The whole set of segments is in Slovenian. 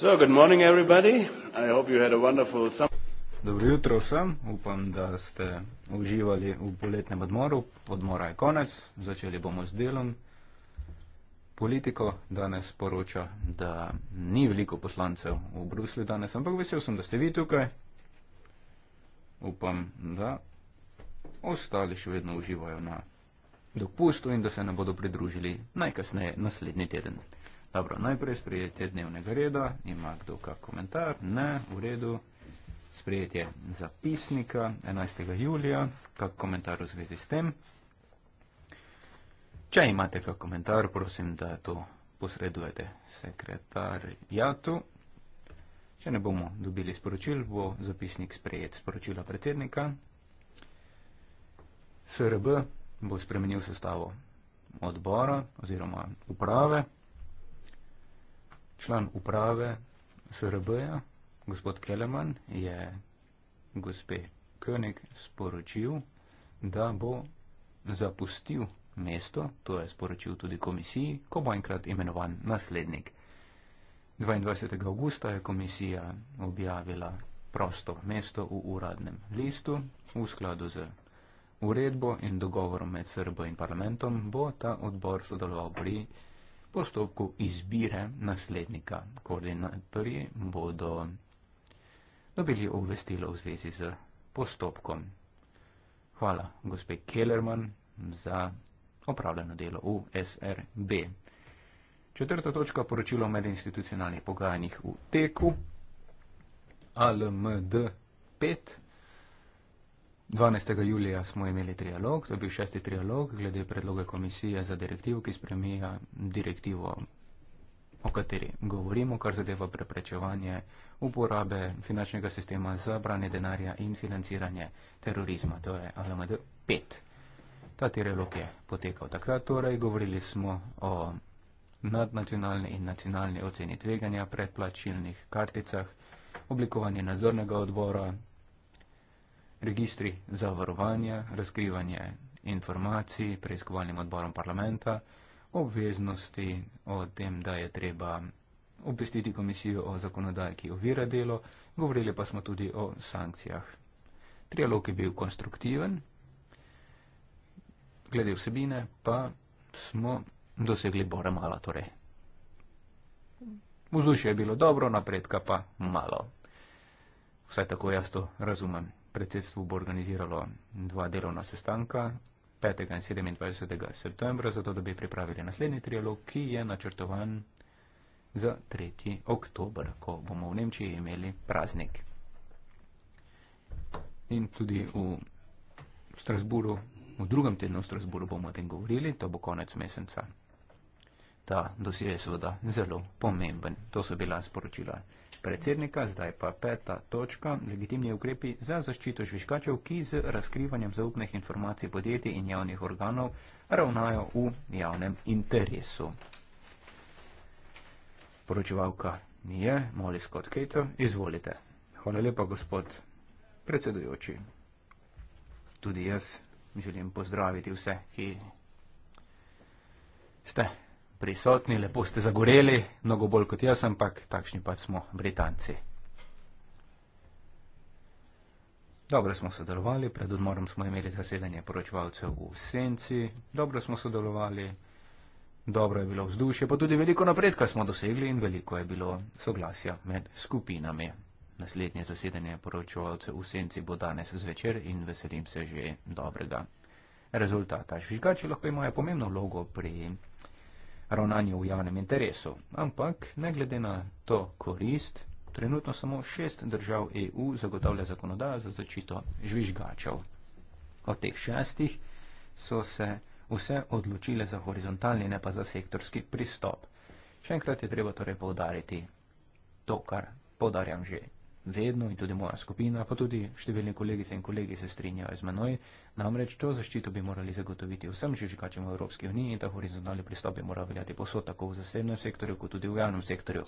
Dobro jutro vsem, upam, da ste uživali v poletnem odmoru. Odmora je konec, začeli bomo z delom. Politiko danes poroča, da ni veliko poslancev v Bruslju danes, ampak vesel sem, da ste vi tukaj. Upam, da ostali še vedno uživajo na dopustu in da se nam bodo pridružili najkasneje naslednji teden. Dobro, najprej sprejetje dnevnega reda. Ima kdo kak komentar? Ne, v redu. Sprejetje zapisnika 11. julija. Kak komentar v zvezi s tem? Če imate kak komentar, prosim, da to posredujete sekretarjatu. Če ne bomo dobili sporočil, bo zapisnik sprejet sporočila predsednika. SRB bo spremenil sestavo odbora oziroma uprave član uprave SRB-ja, gospod Keleman, je gospe König sporočil, da bo zapustil mesto, to je sporočil tudi komisiji, ko bo enkrat imenovan naslednik. 22. augusta je komisija objavila prosto mesto v uradnem listu v skladu z uredbo in dogovorom med SRB in parlamentom, bo ta odbor sodeloval pri postopku izbire naslednika. Koordinatorji bodo dobili obvestilo v zvezi z postopkom. Hvala gospe Kellerman za opravljeno delo v SRB. Četrta točka poročilo o medinstitucionalnih pogajanjih v teku. ALMD 5 12. julija smo imeli trialog, to je bil šesti trialog glede predloga komisije za direktivo, ki spremija direktivo, o kateri govorimo, kar zadeva preprečevanje uporabe finančnega sistema za branje denarja in financiranje terorizma, to je LMD 5. Ta trialog je potekal takrat, torej govorili smo o nadnacionalni in nacionalni oceni tveganja, predplačilnih karticah, oblikovanje nadzornega odbora, registri zavarovanja, razkrivanje informacij preiskovalnim odborom parlamenta, obveznosti o tem, da je treba obvestiti komisijo o zakonodaji, ki ovira delo, govorili pa smo tudi o sankcijah. Trialog je bil konstruktiven, glede vsebine pa smo dosegli bore malo torej. Vzdušje je bilo dobro, napredka pa malo. Vsaj tako jaz to razumem predsedstvo bo organiziralo dva delovna sestanka 5. in 27. septembra, zato da bi pripravili naslednji trialog, ki je načrtovan za 3. oktober, ko bomo v Nemčiji imeli praznik. In tudi v Strasburu, v drugem tednu v Strasburu bomo o tem govorili, to bo konec meseca ta dosje je seveda zelo pomemben. To so bila sporočila predsednika, zdaj pa peta točka, legitimni ukrepi za zaščito žviškačev, ki z razkrivanjem zaupnih informacij podjetij in javnih organov ravnajo v javnem interesu. Poročevalka nije, moli Scott Cato, izvolite. Hvala lepa, gospod predsedujoči. Tudi jaz želim pozdraviti vse, ki ste prisotni, lepo ste zagoreli, mnogo bolj kot jaz, ampak takšni pa smo Britanci. Dobro smo sodelovali, pred odmorom smo imeli zasedanje poročevalcev v Senci, dobro smo sodelovali, dobro je bilo vzdušje, pa tudi veliko napredka smo dosegli in veliko je bilo soglasja med skupinami. Naslednje zasedanje poročevalcev v Senci bo danes zvečer in veselim se že dobrega rezultata. Žvižgači lahko imajo pomembno vlogo pri ravnanje v javnem interesu. Ampak, ne glede na to korist, trenutno samo šest držav EU zagotavlja zakonodajo za začito žvižgačev. Od teh šestih so se vse odločile za horizontalni, ne pa za sektorski pristop. Še enkrat je treba torej povdariti to, kar povdarjam že vedno in tudi moja skupina, pa tudi številni kolegice in kolegi se strinjajo z menoj, namreč to zaščito bi morali zagotoviti vsem živčikačem v Evropski uniji in ta horizontalni pristop bi moral veljati posod tako v zasebnem sektorju kot tudi v javnem sektorju.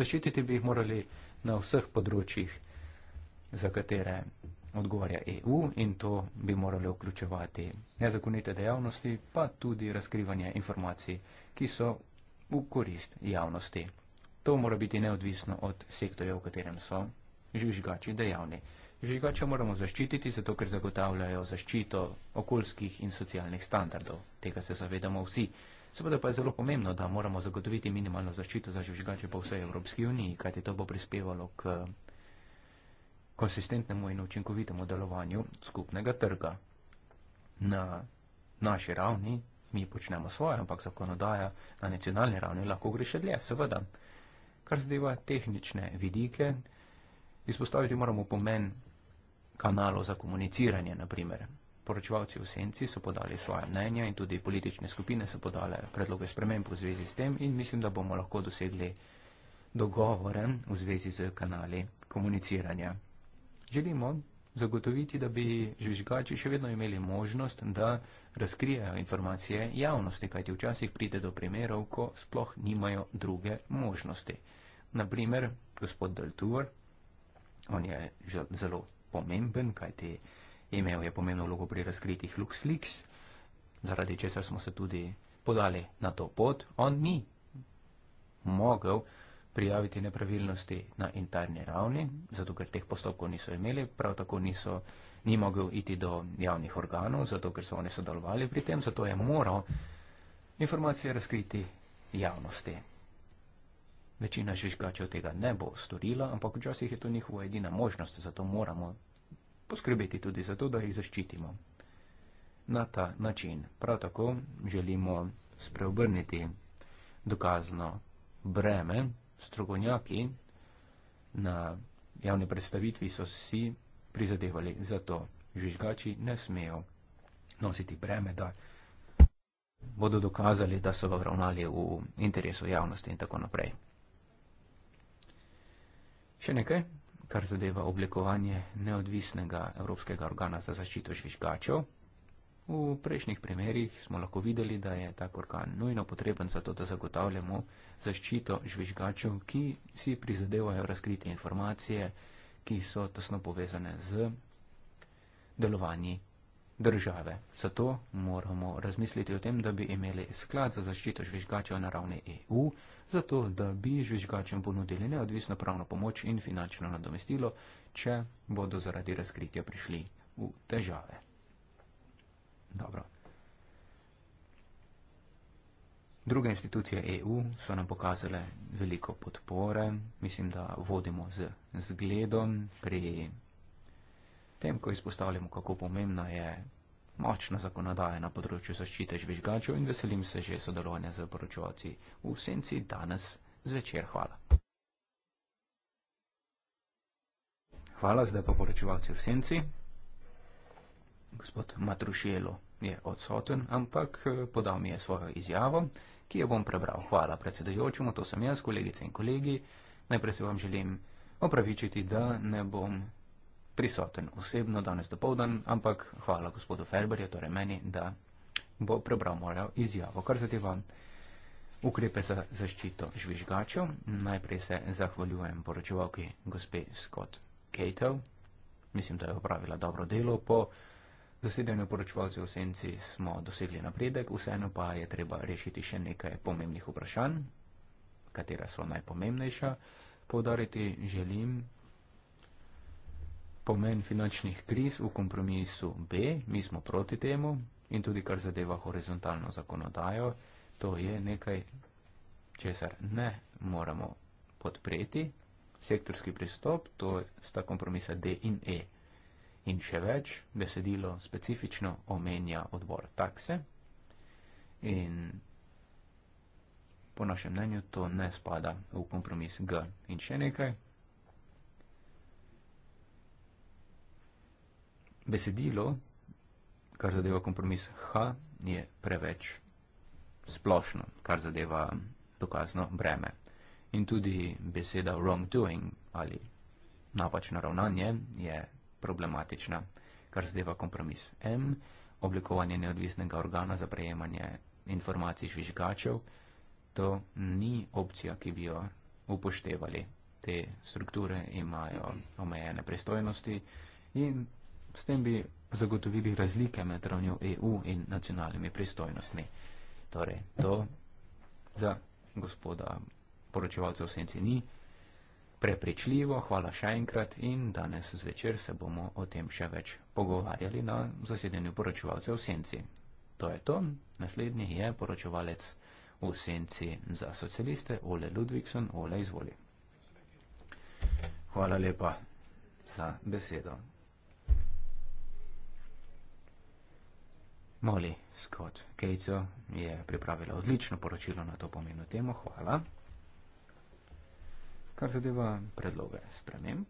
Zaščititi bi jih morali na vseh področjih, za katere odgovarja EU in to bi morali vključevati nezakonite dejavnosti, pa tudi razkrivanje informacij, ki so v korist javnosti. To mora biti neodvisno od sektorja, v katerem so žvižgači dejavni. Žvižgače moramo zaščititi, zato ker zagotavljajo zaščito okoljskih in socialnih standardov. Tega se zavedamo vsi. Seveda pa je zelo pomembno, da moramo zagotoviti minimalno zaščito za žvižgače po vsej Evropski uniji, kajti to bo prispevalo k konsistentnemu in učinkovitemu delovanju skupnega trga. Na naši ravni mi počnemo svoje, ampak zakonodaja na nacionalni ravni lahko gre še dlje, seveda. Kar zdaj tehnične vidike, Izpostaviti moramo pomen kanalov za komuniciranje, naprimer. Poročevalci v senci so podali svoje mnenja in tudi politične skupine so podale predloge sprememb v zvezi s tem in mislim, da bomo lahko dosegli dogovore v zvezi z kanali komuniciranja. Želimo zagotoviti, da bi žvižgači še vedno imeli možnost, da razkrijajo informacije javnosti, kajti včasih pride do primerov, ko sploh nimajo druge možnosti. Naprimer, gospod Deltour On je zelo pomemben, kajti imel je pomembno vlogo pri razkritih LuxLeak, zaradi česar smo se tudi podali na to pot. On ni mogel prijaviti nepravilnosti na interni ravni, zato ker teh postopkov niso imeli, prav tako niso, ni mogel iti do javnih organov, zato ker so oni sodelovali pri tem, zato je moral informacije razkriti javnosti. Večina žvižgačev tega ne bo storila, ampak včasih je to njihova edina možnost, zato moramo poskrbeti tudi za to, da jih zaščitimo. Na ta način prav tako želimo spreobrniti dokazno breme, strokovnjaki na javni predstavitvi so si prizadevali za to. Žvižgači ne smejo nositi breme, da bodo dokazali, da so ravnali v interesu javnosti in tako naprej. Še nekaj, kar zadeva oblikovanje neodvisnega Evropskega organa za zaščito žvižgačev. V prejšnjih primerjih smo lahko videli, da je tak organ nujno potreben za to, da zagotavljamo zaščito žvižgačev, ki si prizadevajo razkriti informacije, ki so tesno povezane z delovanji države. Zato moramo razmisliti o tem, da bi imeli sklad za zaščito žvižgačev na ravni EU, zato da bi žvižgačem ponudili neodvisno pravno pomoč in finančno nadomestilo, če bodo zaradi razkritja prišli v težave. Dobro. Druge institucije EU so nam pokazale veliko podpore. Mislim, da vodimo z zgledom pri tem, ko izpostavljamo, kako pomembna je močna zakonodaja na področju zaščite žvižgačev in veselim se že sodelovanja z poročovalci v Senci danes zvečer. Hvala. Hvala, zdaj pa poročevalci v Senci. Gospod Matrušelo je odsoten, ampak eh, podal mi je svojo izjavo, ki jo bom prebral. Hvala predsedojočemu, to sem jaz, kolegice in kolegi. Najprej se vam želim opravičiti, da ne bom prisoten osebno danes dopoldan, ampak hvala gospodu Ferberju, torej meni, da bo prebral mojo izjavo. Kar zadeva ukrepe za zaščito žvižgačev, najprej se zahvaljujem poročevalki gospe Scott Cato. Mislim, da je opravila dobro delo. Po zasedanju poročevalcev v senci smo dosegli napredek, vseeno pa je treba rešiti še nekaj pomembnih vprašanj, katera so najpomembnejša. Povdariti želim, pomen finančnih kriz v kompromisu B, mi smo proti temu in tudi kar zadeva horizontalno zakonodajo, to je nekaj, česar ne moramo podpreti. Sektorski pristop, to sta kompromisa D in E. In še več, besedilo specifično omenja odbor takse in po našem mnenju to ne spada v kompromis G. In še nekaj, besedilo, kar zadeva kompromis H, je preveč splošno, kar zadeva dokazno breme. In tudi beseda wrongdoing ali napačno ravnanje je problematična, kar zadeva kompromis M, oblikovanje neodvisnega organa za prejemanje informacij žvižgačev, to ni opcija, ki bi jo upoštevali. Te strukture imajo omejene pristojnosti in S tem bi zagotovili razlike med ravnjo EU in nacionalnimi pristojnostmi. Torej, to za gospoda poročevalca v senci ni prepričljivo. Hvala še enkrat in danes zvečer se bomo o tem še več pogovarjali na zasedenju poročevalca v senci. To je to. Naslednji je poročevalec v senci za socialiste Ole Ludvikson. Ole, izvoli. Hvala lepa za besedo. Moli Scott Kejco je pripravila odlično poročilo na to pomembno temo. Hvala. Kar zadeva predloge sprememb.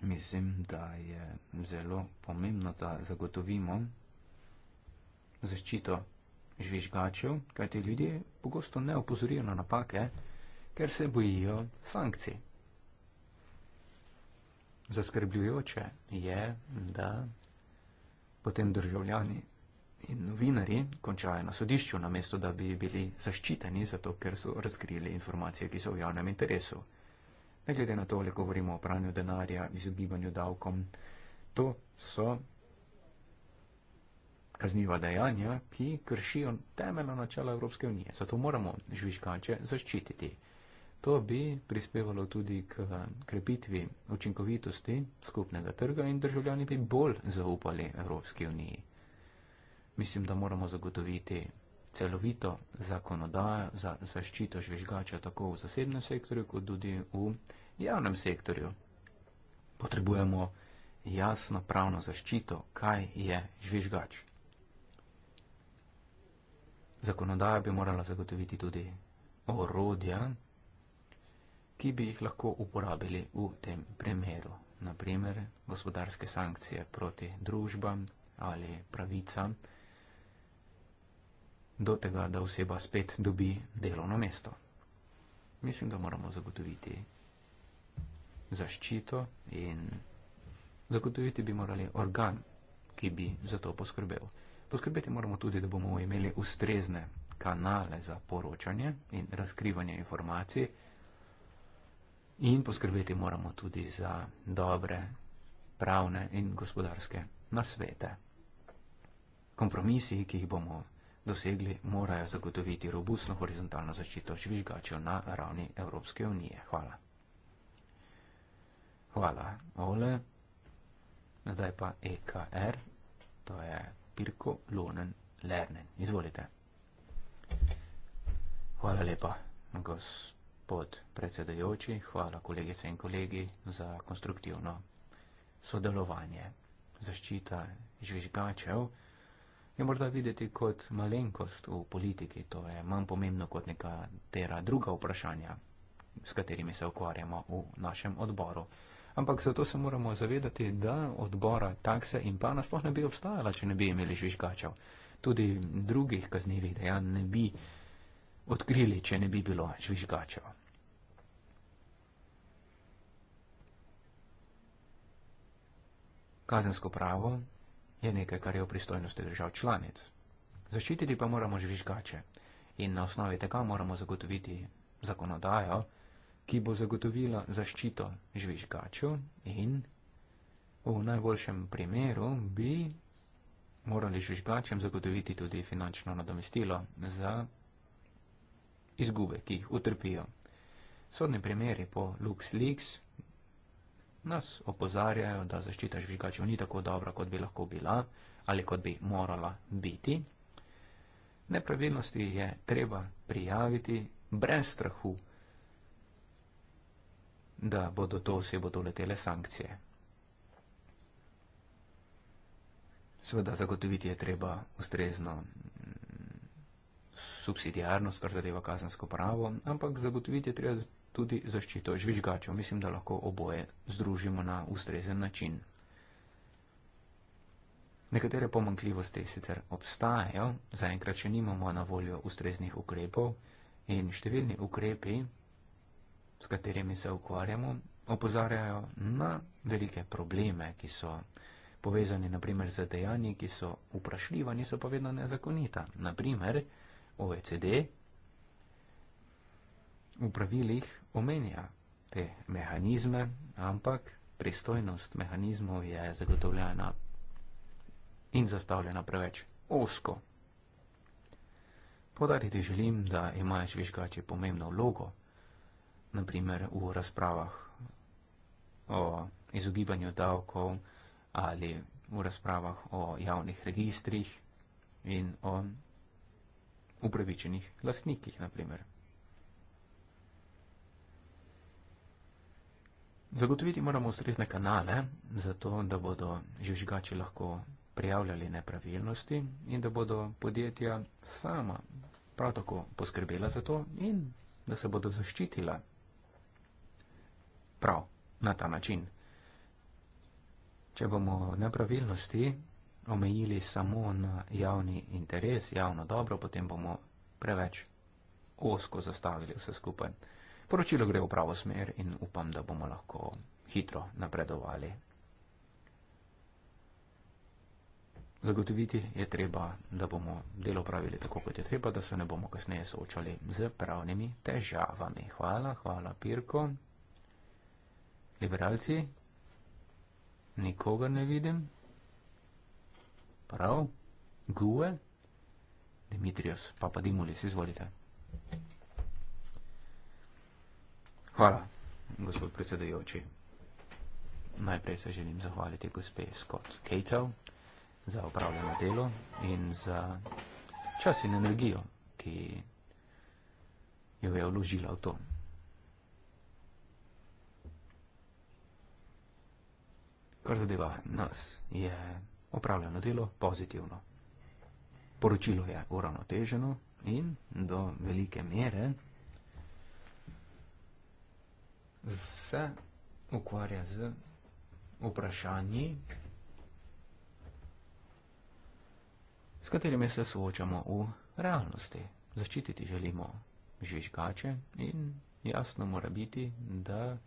Mislim, da je zelo pomembno, da zagotovimo zaščito žvižgačev, kajti ljudje pogosto ne opozorijo na napake, ker se bojijo sankcij zaskrbljujoče je, da potem državljani in novinari končajo na sodišču, namesto da bi bili zaščiteni, zato ker so razkrili informacije, ki so v javnem interesu. Ne glede na to, ali govorimo o pranju denarja, izogibanju davkom, to so kazniva dejanja, ki kršijo temeljno načela Evropske unije. Zato moramo žvižgače zaščititi. To bi prispevalo tudi k krepitvi učinkovitosti skupnega trga in državljani bi bolj zaupali Evropski uniji. Mislim, da moramo zagotoviti celovito zakonodajo za zaščito žvižgača tako v zasebnem sektorju, kot tudi v javnem sektorju. Potrebujemo jasno pravno zaščito, kaj je žvižgač. Zakonodaja bi morala zagotoviti tudi orodja, ki bi jih lahko uporabili v tem primeru. Naprimer, gospodarske sankcije proti družbam ali pravicam do tega, da oseba spet dobi delovno mesto. Mislim, da moramo zagotoviti zaščito in zagotoviti bi morali organ, ki bi za to poskrbel. Poskrbeti moramo tudi, da bomo imeli ustrezne kanale za poročanje in razkrivanje informacij. In poskrbeti moramo tudi za dobre, pravne in gospodarske nasvete. Kompromisi, ki jih bomo dosegli, morajo zagotoviti robustno horizontalno zaščito žvižgačev na ravni Evropske unije. Hvala. Hvala, Ole. Zdaj pa EKR, to je Pirko Lonen Lernen. Izvolite. Hvala lepa, gospod pod predsedajoči, hvala kolegice in kolegi za konstruktivno sodelovanje. Zaščita žvižgačev je morda videti kot malenkost v politiki, to je manj pomembno kot neka tera druga vprašanja, s katerimi se ukvarjamo v našem odboru. Ampak zato se moramo zavedati, da odbora takse in pa nasploh ne bi obstajala, če ne bi imeli žvižgačev. Tudi drugih kaznjivih dejanj ne bi odkrili, če ne bi bilo žvižgačev. Kazensko pravo je nekaj, kar je v pristojnosti držav članic. Zaščititi pa moramo žvižgače in na osnovi tega moramo zagotoviti zakonodajo, ki bo zagotovila zaščito žvižgaču in v najboljšem primeru bi morali žvižgačem zagotoviti tudi finančno nadomestilo za izgube, ki jih utrpijo. Sodni primeri po LuxLeaks nas opozarjajo, da zaščita žvižgačev ni tako dobra, kot bi lahko bila ali kot bi morala biti. Nepravilnosti je treba prijaviti brez strahu, da bodo to osebo doletele sankcije. Sveda zagotoviti je treba ustrezno subsidiarnost, kar zadeva kazansko pravo, ampak zagotoviti je treba tudi zaščito žvižgačev. Mislim, da lahko oboje združimo na ustrezen način. Nekatere pomankljivosti sicer obstajajo, zaenkrat še nimamo na voljo ustreznih ukrepov in številni ukrepi, s katerimi se ukvarjamo, opozarjajo na velike probleme, ki so povezani naprimer z dejanji, ki so vprašljiva, niso pa vedno nezakonita. Naprimer, OECD v pravilih omenja te mehanizme, ampak pristojnost mehanizmov je zagotovljena in zastavljena preveč osko. Podariti želim, da imajo žvižgači pomembno vlogo, naprimer v razpravah o izogibanju davkov ali v razpravah o javnih registrih in o upravičenih lastnikih, naprimer. Zagotoviti moramo ustrezne kanale, zato da bodo žvižgači lahko prijavljali nepravilnosti in da bodo podjetja sama prav tako poskrbela za to in da se bodo zaščitila prav na ta način. Če bomo nepravilnosti omejili samo na javni interes, javno dobro, potem bomo preveč osko zastavili vse skupaj. Poročilo gre v pravo smer in upam, da bomo lahko hitro napredovali. Zagotoviti je treba, da bomo delo pravili tako, kot je treba, da se ne bomo kasneje soočali z pravnimi težavami. Hvala, hvala, Pirko. Liberalci, nikogar ne vidim. Prav, Gue, Dimitrios, Papa Dimulis, izvolite. Hvala, gospod predsedajoči. Najprej se želim zahvaliti gospe Scott Cato za upravljeno delo in za čas in energijo, ki jo je vložila v to. Kar zadeva nas je yeah opravljeno delo pozitivno. Poročilo je uravnoteženo in do velike mere se ukvarja z vprašanji, s katerimi se soočamo v realnosti. Zaščititi želimo žvižgače in jasno mora biti, da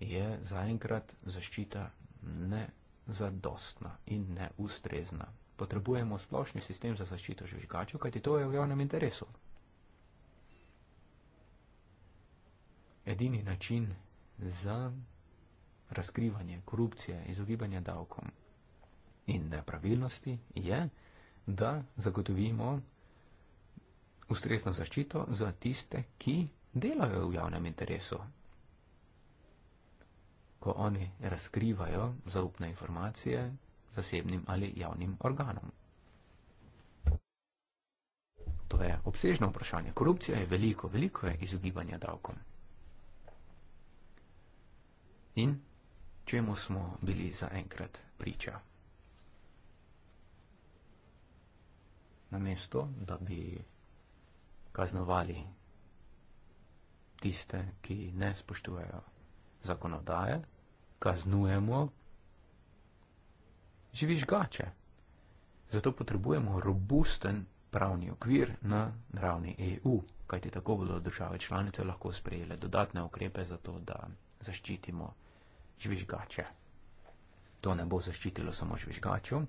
je zaenkrat zaščita ne zadostna in neustrezna. Potrebujemo splošni sistem za zaščito žvižgačev, kajti to je v javnem interesu. Edini način za razkrivanje korupcije, izogibanje davkom in nepravilnosti je, da zagotovimo ustrezno zaščito za tiste, ki delajo v javnem interesu, ko oni razkrivajo zaupne informacije zasebnim ali javnim organom. To je obsežno vprašanje. Korupcija je veliko, veliko je izogibanja davkom. In čemu smo bili zaenkrat priča? Namesto, da bi kaznovali tiste, ki ne spoštujejo zakonodaje, kaznujemo, živiš gače. Zato potrebujemo robusten pravni okvir na ravni EU, kajti tako bodo države članice lahko sprejele dodatne ukrepe za to, da zaščitimo žvižgače. To ne bo zaščitilo samo žvižgačev,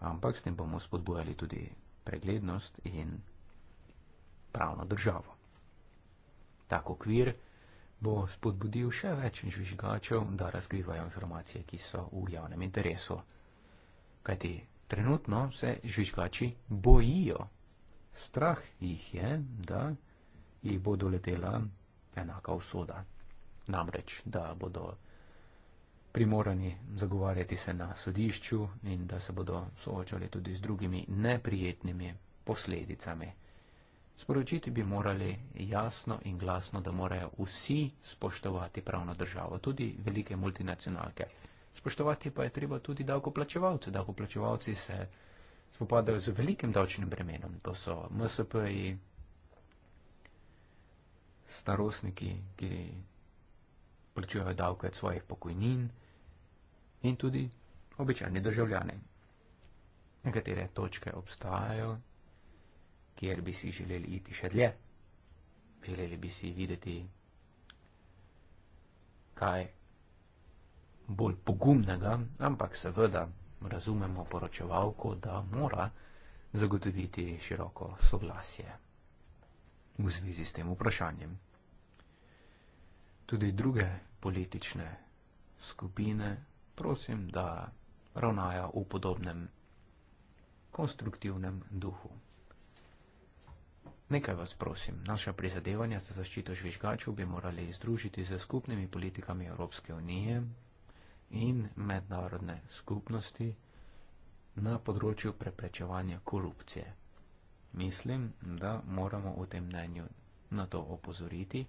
ampak s tem bomo spodbujali tudi preglednost in pravno državo. Tak okvir je bo spodbudil še več žvižgačev, da razkrivajo informacije, ki so v javnem interesu. Kajti trenutno se žvižgači bojijo. Strah jih je, da jih bo doletela enaka usoda. Namreč, da bodo primorani zagovarjati se na sodišču in da se bodo soočali tudi z drugimi neprijetnimi posledicami. Sporočiti bi morali jasno in glasno, da morajo vsi spoštovati pravno državo, tudi velike multinacionalke. Spoštovati pa je treba tudi davkoplačevalce. Davkoplačevalci se spopadajo z velikim davčnim bremenom. To so MSP-ji, starostniki, ki plačujejo davke od svojih pokojnin in tudi običajni državljani. Nekatere točke obstajajo kjer bi si želeli iti še dlje. Želeli bi si videti, kaj bolj pogumnega, ampak seveda razumemo poročevalko, da mora zagotoviti široko soglasje v zvezi s tem vprašanjem. Tudi druge politične skupine prosim, da ravnajo v podobnem konstruktivnem duhu. Nekaj vas prosim, naša prizadevanja za zaščito žvižgačev bi morali združiti z skupnimi politikami Evropske unije in mednarodne skupnosti na področju preprečevanja korupcije. Mislim, da moramo v tem mnenju na to opozoriti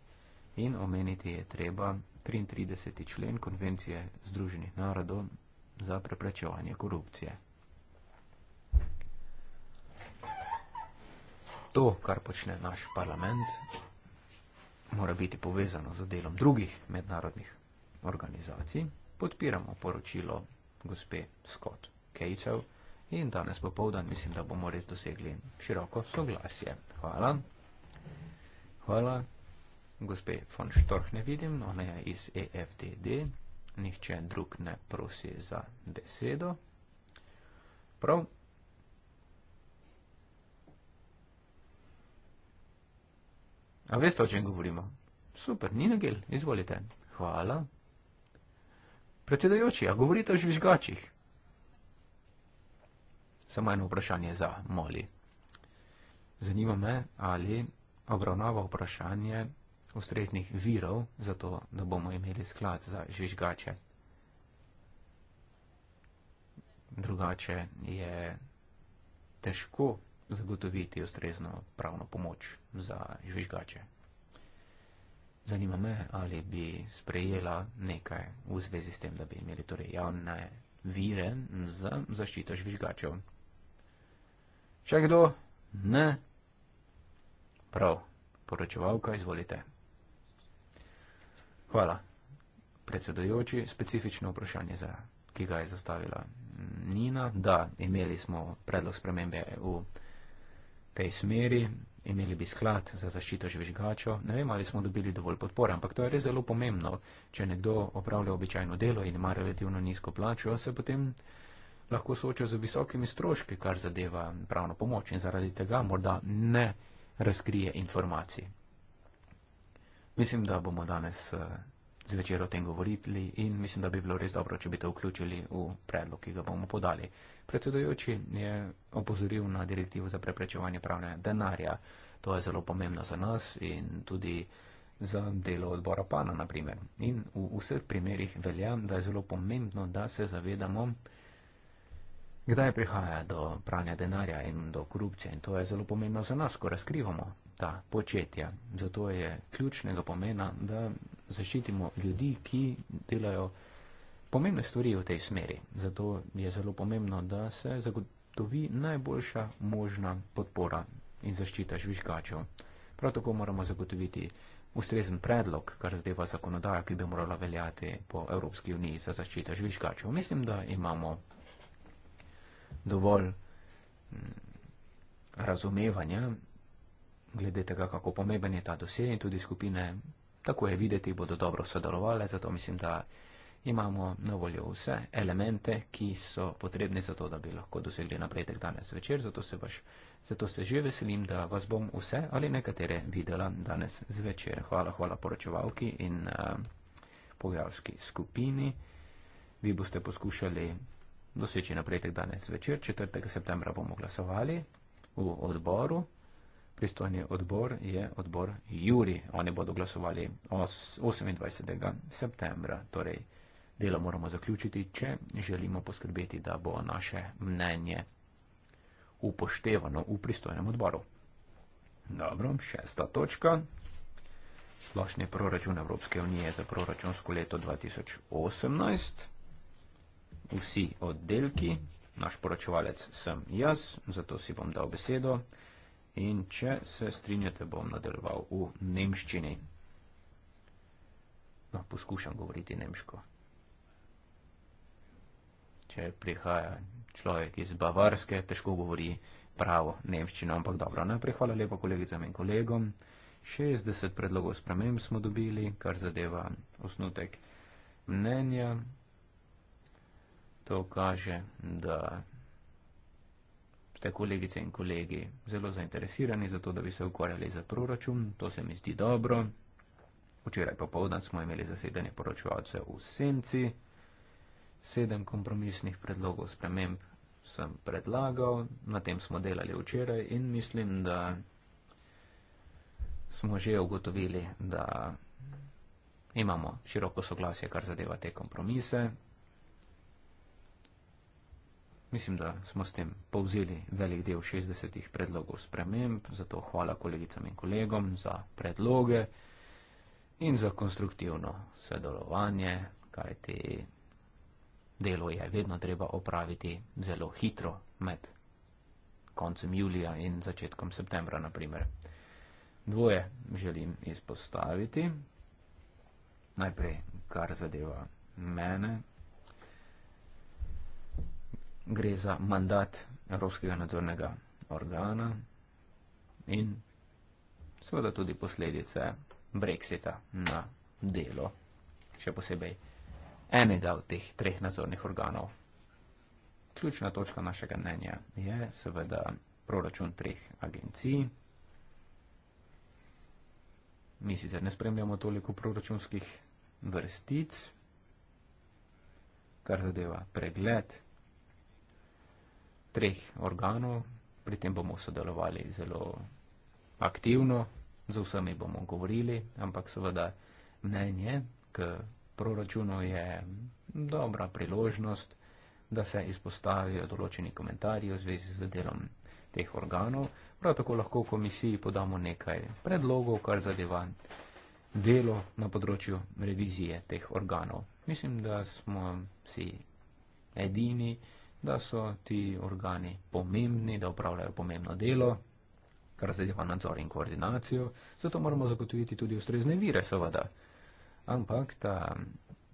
in omeniti je treba 33. člen Konvencije Združenih narodov za preprečevanje korupcije. to, kar počne naš parlament, mora biti povezano z delom drugih mednarodnih organizacij. Podpiramo poročilo gospe Scott Kejcev in danes popovdan mislim, da bomo res dosegli široko soglasje. Hvala. Hvala. Gospe von Storch ne vidim, ona je iz EFDD. Nihče drug ne prosi za besedo. Prav. A veste, o čem govorimo? Super, Nina Gel, izvolite. Hvala. Predsedajoči, a govorite o žvižgačih? Samo eno vprašanje za Moli. Zanima me, ali obravnava vprašanje ustreznih virov, zato da bomo imeli sklad za žvižgače. Drugače je težko zagotoviti ustrezno pravno pomoč za žvižgače. Zanima me, ali bi sprejela nekaj v zvezi s tem, da bi imeli torej javne vire za zaščito žvižgačev. Še kdo? Ne? Prav, poročevalka, izvolite. Hvala. Predsedojoči, specifično vprašanje, za, ki ga je zastavila Nina. Da, imeli smo predlog spremembe v tej smeri, imeli bi sklad za zaščito žvižgačev. Ne vem, ali smo dobili dovolj podpore, ampak to je res zelo pomembno. Če nekdo opravlja običajno delo in ima relativno nizko plačo, se potem lahko soočajo z visokimi stroški, kar zadeva pravno pomoč in zaradi tega morda ne razkrije informacij. Mislim, da bomo danes eh, zvečer o tem govorili in mislim, da bi bilo res dobro, če bi to vključili v predlog, ki ga bomo podali. Predsedujoči je opozoril na direktivo za preprečevanje pravne denarja. To je zelo pomembno za nas in tudi za delo odbora PANA, naprimer. In v vseh primerjih velja, da je zelo pomembno, da se zavedamo, kdaj prihaja do pranja denarja in do korupcije. In to je zelo pomembno za nas, ko razkrivamo ta početja. Zato je ključnega pomena, da zaščitimo ljudi, ki delajo korupcije pomembne stvari v tej smeri. Zato je zelo pomembno, da se zagotovi najboljša možna podpora in zaščita žvižgačev. Prav tako moramo zagotoviti ustrezen predlog, kar zadeva zakonodajo, ki bi morala veljati po Evropski uniji za zaščito žvižgačev. Mislim, da imamo dovolj mm, razumevanja glede tega, kako pomemben je ta dosej in tudi skupine, tako je videti, bodo dobro sodelovali, zato mislim, da imamo na voljo vse elemente, ki so potrebni za to, da bi lahko dosegli napredek danes večer. Zato se, baš, zato se že veselim, da vas bom vse ali nekatere videla danes zvečer. Hvala, hvala poročevalki in uh, pogajalski skupini. Vi boste poskušali doseči napredek danes večer. 4. septembra bomo glasovali v odboru. Pristojni odbor je odbor Juri. Oni bodo glasovali 28. septembra, torej Delo moramo zaključiti, če želimo poskrbeti, da bo naše mnenje upoštevano v pristojnem odboru. Dobro, šesta točka. Splošni proračun Evropske unije za proračunsko leto 2018. Vsi oddelki, naš poročevalec sem jaz, zato si bom dal besedo. In če se strinjate, bom nadaljeval v nemščini. No, poskušam govoriti nemško če prihaja človek iz Bavarske, težko govori pravo nemščino, ampak dobro, najprej no, hvala lepa kolegicam in kolegom. 60 predlogov sprememb smo dobili, kar zadeva osnutek mnenja. To kaže, da ste kolegice in kolegi zelo zainteresirani za to, da bi se ukvarjali za proračun. To se mi zdi dobro. Včeraj popovdan smo imeli zasedanje poročevalcev v Senci sedem kompromisnih predlogov sprememb sem predlagal, na tem smo delali včeraj in mislim, da smo že ugotovili, da imamo široko soglasje, kar zadeva te kompromise. Mislim, da smo s tem povzeli velik del 60 predlogov sprememb, zato hvala kolegicam in kolegom za predloge in za konstruktivno sodelovanje, kajti Delo je vedno treba opraviti zelo hitro, med koncem julija in začetkom septembra, naprimer. Dvoje želim izpostaviti. Najprej, kar zadeva mene, gre za mandat Evropskega nadzornega organa in seveda tudi posledice Brexita na delo, še posebej enega od teh treh nadzornih organov. Ključna točka našega mnenja je seveda proračun treh agencij. Mi sicer ne spremljamo toliko proračunskih vrstic, kar zadeva pregled treh organov. Pri tem bomo sodelovali zelo aktivno, z vsemi bomo govorili, ampak seveda mnenje k proračunu je dobra priložnost, da se izpostavijo določeni komentarji v zvezi z delom teh organov. Prav tako lahko komisiji podamo nekaj predlogov, kar zadeva delo na področju revizije teh organov. Mislim, da smo vsi edini, da so ti organi pomembni, da upravljajo pomembno delo, kar zadeva nadzor in koordinacijo. Zato moramo zagotoviti tudi ustrezne vire, seveda ampak ta,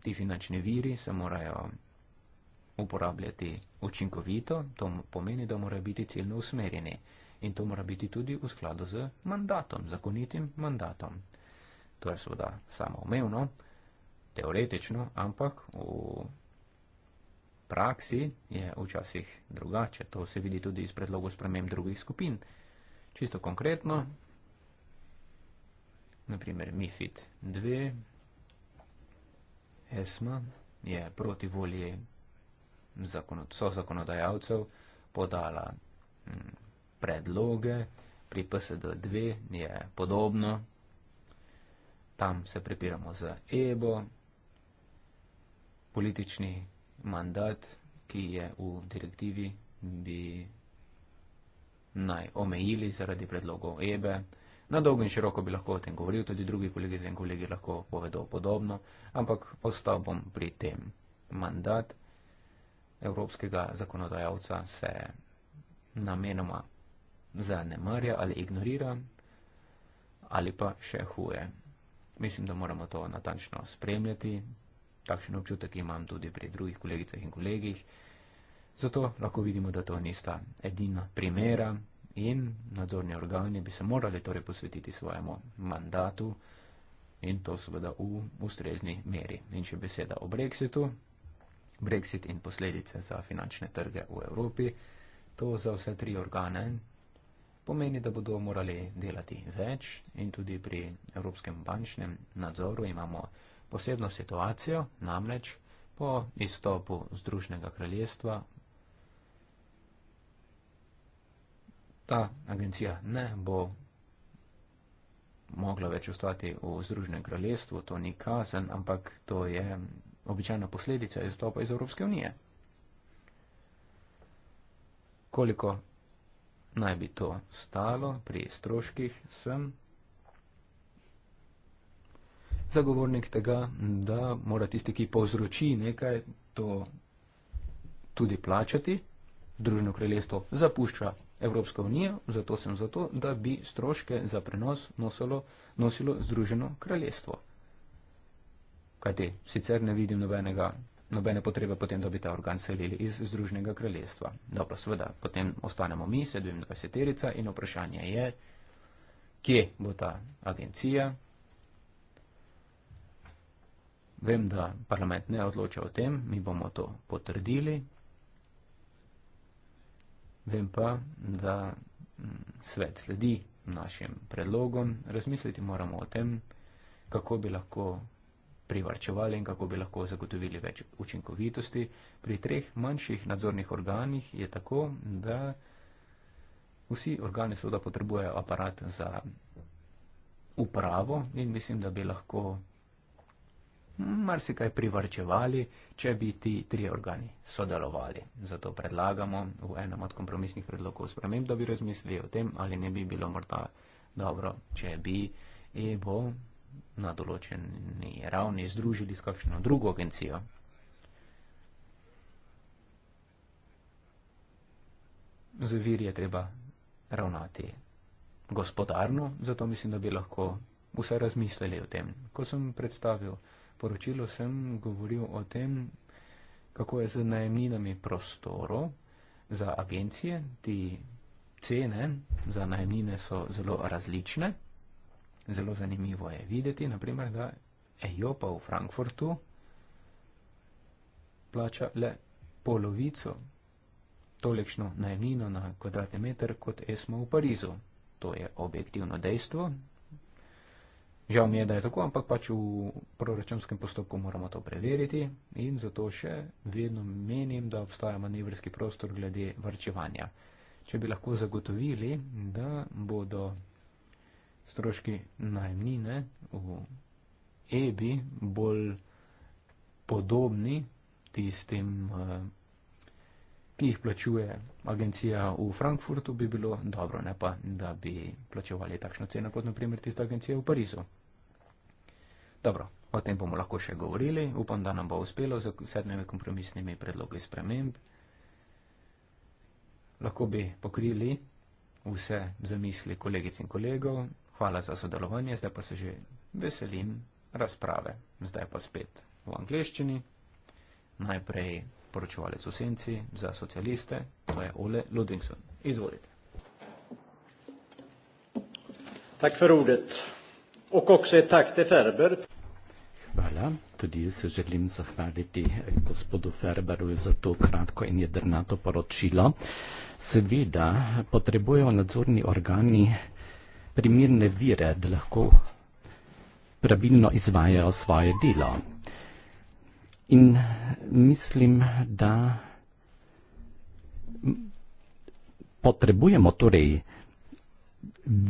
ti finančni viri se morajo uporabljati učinkovito, to pomeni, da morajo biti ciljno usmerjeni in to mora biti tudi v skladu z mandatom, zakonitim mandatom. To je seveda samoumevno, teoretično, ampak v praksi je včasih drugače. To se vidi tudi iz predlogov sprememb drugih skupin. Čisto konkretno, naprimer MIFID 2, ESMA je proti volji so zakonodajalcev podala mm, predloge, pri PSD2 je podobno, tam se prepiramo z EBO, politični mandat, ki je v direktivi, bi naj omejili zaradi predlogov EBE, Na dolgo in široko bi lahko o tem govoril, tudi drugi kolegi in kolegi lahko povedo podobno, ampak ostal bom pri tem. Mandat evropskega zakonodajalca se namenoma zanemarja ali ignorira ali pa še huje. Mislim, da moramo to natančno spremljati. Takšen občutek imam tudi pri drugih kolegicah in kolegih. Zato lahko vidimo, da to nista edina primera, in nadzorni organi bi se morali torej posvetiti svojemu mandatu in to seveda v ustrezni meri. In še beseda o Brexitu. Brexit in posledice za finančne trge v Evropi. To za vse tri organe pomeni, da bodo morali delati več in tudi pri Evropskem bančnem nadzoru imamo posebno situacijo, namreč po izstopu Združnega kraljestva ta agencija ne bo mogla več ostati v Združenem kraljestvu, to ni kazen, ampak to je običajna posledica izstopa iz Evropske unije. Koliko naj bi to stalo pri stroških, sem zagovornik tega, da mora tisti, ki povzroči nekaj, to tudi plačati. Združeno kraljestvo zapušča Evropska unija, zato sem zato, da bi stroške za prenos nosilo, nosilo Združeno kraljestvo. Kajti, sicer ne vidim nobenega, nobene potrebe potem, da bi ta organ selili iz Združenega kraljestva. Dobro, seveda, potem ostanemo mi, 27-erica, in vprašanje je, kje bo ta agencija. Vem, da parlament ne odloča o tem, mi bomo to potrdili. Vem pa, da mm, svet sledi našim predlogom. Razmisliti moramo o tem, kako bi lahko privarčevali in kako bi lahko zagotovili več učinkovitosti. Pri treh manjših nadzornih organih je tako, da vsi organi seveda potrebujejo aparat za upravo in mislim, da bi lahko marsikaj privrčevali, če bi ti tri organi sodelovali. Zato predlagamo v enem od kompromisnih predlogov sprememb, da bi razmislili o tem, ali ne bi bilo morda dobro, če bi EBO na določeni ravni združili s kakšno drugo agencijo. Z vir je treba ravnati gospodarno, zato mislim, da bi lahko vse razmislili o tem. Ko sem predstavil, poročilu sem govoril o tem, kako je z najemninami prostorov za agencije. Ti cene za najemnine so zelo različne. Zelo zanimivo je videti, naprimer, da EJO pa v Frankfurtu plača le polovico tolikšno najemnino na kvadratni meter kot ESMO v Parizu. To je objektivno dejstvo, Žal mi je, da je tako, ampak pač v proračunskem postopku moramo to preveriti in zato še vedno menim, da obstaja manevrski prostor glede varčevanja. Če bi lahko zagotovili, da bodo stroški najmnine v EBI bolj podobni tistim, eh, ki jih plačuje agencija v Frankfurtu, bi bilo dobro, ne pa, da bi plačevali takšno ceno kot naprimer tista agencija v Parizu. Dobro, o tem bomo lahko še govorili. Upam, da nam bo uspelo z sedmimi kompromisnimi predlogi sprememb. Lahko bi pokrili vse zamisli kolegic in kolegov. Hvala za sodelovanje, zdaj pa se že veselim razprave. Zdaj pa spet v angliščini. Najprej poročevalec v senci za socialiste, to je Ole Ludvigson. Izvolite. Tak for ordet. Hvala. Tudi jaz se želim zahvaliti gospodu Ferberu za to kratko in jedrnato poročilo. Seveda potrebujejo nadzorni organi primirne vire, da lahko pravilno izvajajo svoje delo. In mislim, da potrebujemo torej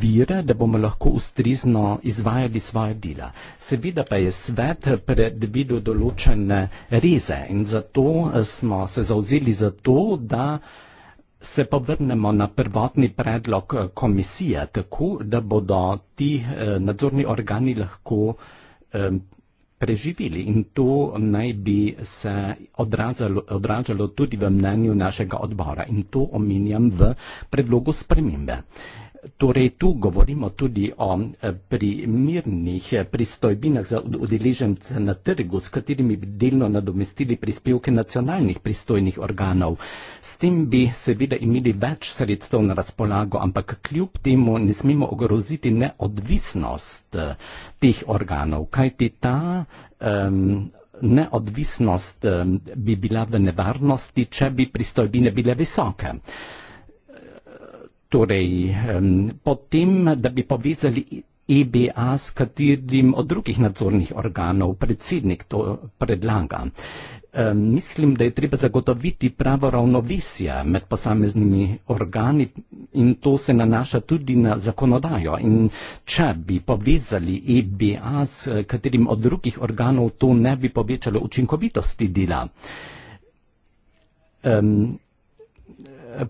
vire, da bomo lahko ustrezno izvajali svoje dela. Seveda pa je svet predvidel določene reze in zato eh, smo se zauzeli za to, da se pa vrnemo na prvotni predlog eh, komisije, tako da bodo ti eh, nadzorni organi lahko preživeli in to naj bi se odražalo, odražalo tudi v mnenju našega odbora in to omenjam v predlogu spremembe. Torej, tu govorimo tudi o eh, pri mirnih eh, pristojbinah za udeležence na trgu, s katerimi bi delno nadomestili prispevke nacionalnih pristojnih organov. S tem bi seveda imeli več sredstev na razpolago, ampak kljub temu ne smemo ogroziti neodvisnost eh, teh organov, kajti ta um, neodvisnost bi bila v nevarnosti, če bi pristojbine bile visoke. Torej, potem, da bi povezali EBA s katerim od drugih nadzornih organov, predsednik to predlaga. Mislim, da je treba zagotoviti pravo ravnovesje med posameznimi organi in to se nanaša tudi na zakonodajo. In če bi povezali EBA s katerim od drugih organov, to ne bi povečalo učinkovitosti dela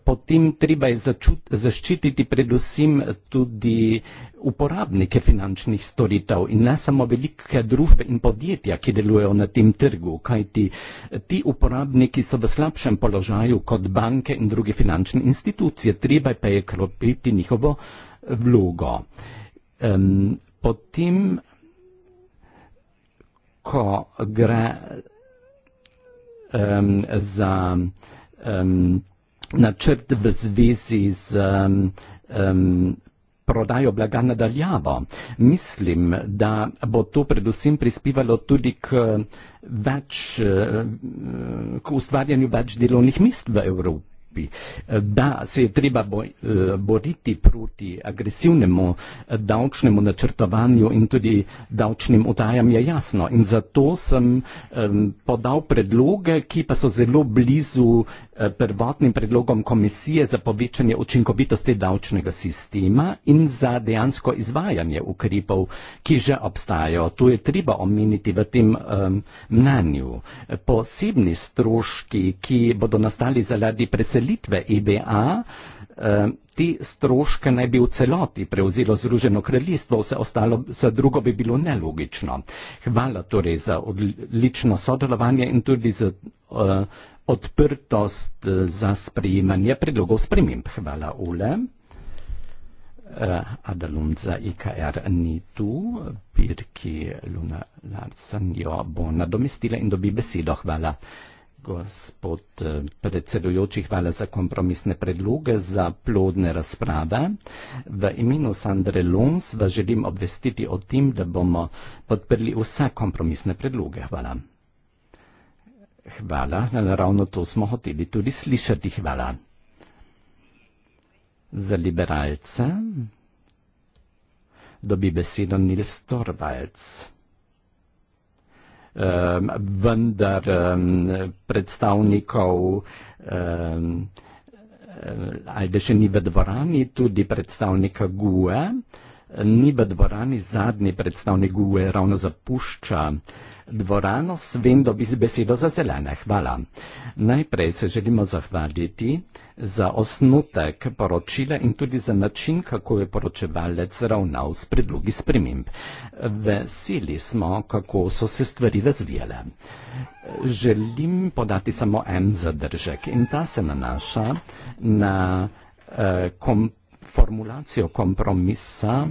potem treba je začut, zaščititi predvsem tudi uporabnike finančnih storitev in ne samo velike družbe in podjetja, ki delujejo na tem trgu, kajti ti uporabniki so v slabšem položaju kot banke in druge finančne institucije, treba pa je kropiti njihovo vlogo. Um, potem, ko gre um, za um, načrt v zvezi z um, um, prodajo blaga nadaljavo. Mislim, da bo to predvsem prispevalo tudi k, več, eh, k ustvarjanju več delovnih mest v Evropi. Da se je treba eh, boriti proti agresivnemu eh, davčnemu načrtovanju in tudi davčnim utajam, je jasno. In zato sem podal predloge, ki pa so zelo blizu prvotnim predlogom komisije za povečanje učinkovitosti davčnega sistema in za dejansko izvajanje ukrepov, ki že obstajajo. To je treba omeniti v tem um, mnenju. Posebni stroški, ki bodo nastali zaradi preselitve EBA, te stroške naj bi v celoti prevzelo Združeno kraljestvo, vse ostalo, vse drugo bi bilo nelogično. Hvala torej za odlično sodelovanje in tudi za uh, odprtost eh, za sprejemanje predlogov sprememb. Hvala, Ule. Uh, eh, Ada Lunca IKR e ni tu, Pirki Luna Larsen jo bo nadomestila in dobi besedo. Hvala. Uh, gospod eh, predsedujoči, hvala za kompromisne predloge, za plodne razprave. V imenu Sandre Luns vas želim obvestiti o tem, da bomo podprli vse kompromisne predloge. Hvala. Hvala, ravno to smo hoteli tudi slišati. Hvala. Za liberalce dobi besedo Nils Torvalds um, vendar um, predstavnikov um, ehm, ali da še ni v dvorani, tudi predstavnika GUE, ni v dvorani zadnji predstavnik GUE, ravno zapušča uh, dvorano, s tem dobiš besedo za zelene. Hvala. Najprej se želimo zahvaliti za osnutek poročila in tudi za način, kako je poročevalec ravnal s predlogi sprememb. Veseli smo, kako so se stvari razvijale. Želim podati samo en zadržek in ta se nanaša na eh, kom, formulacijo kompromisa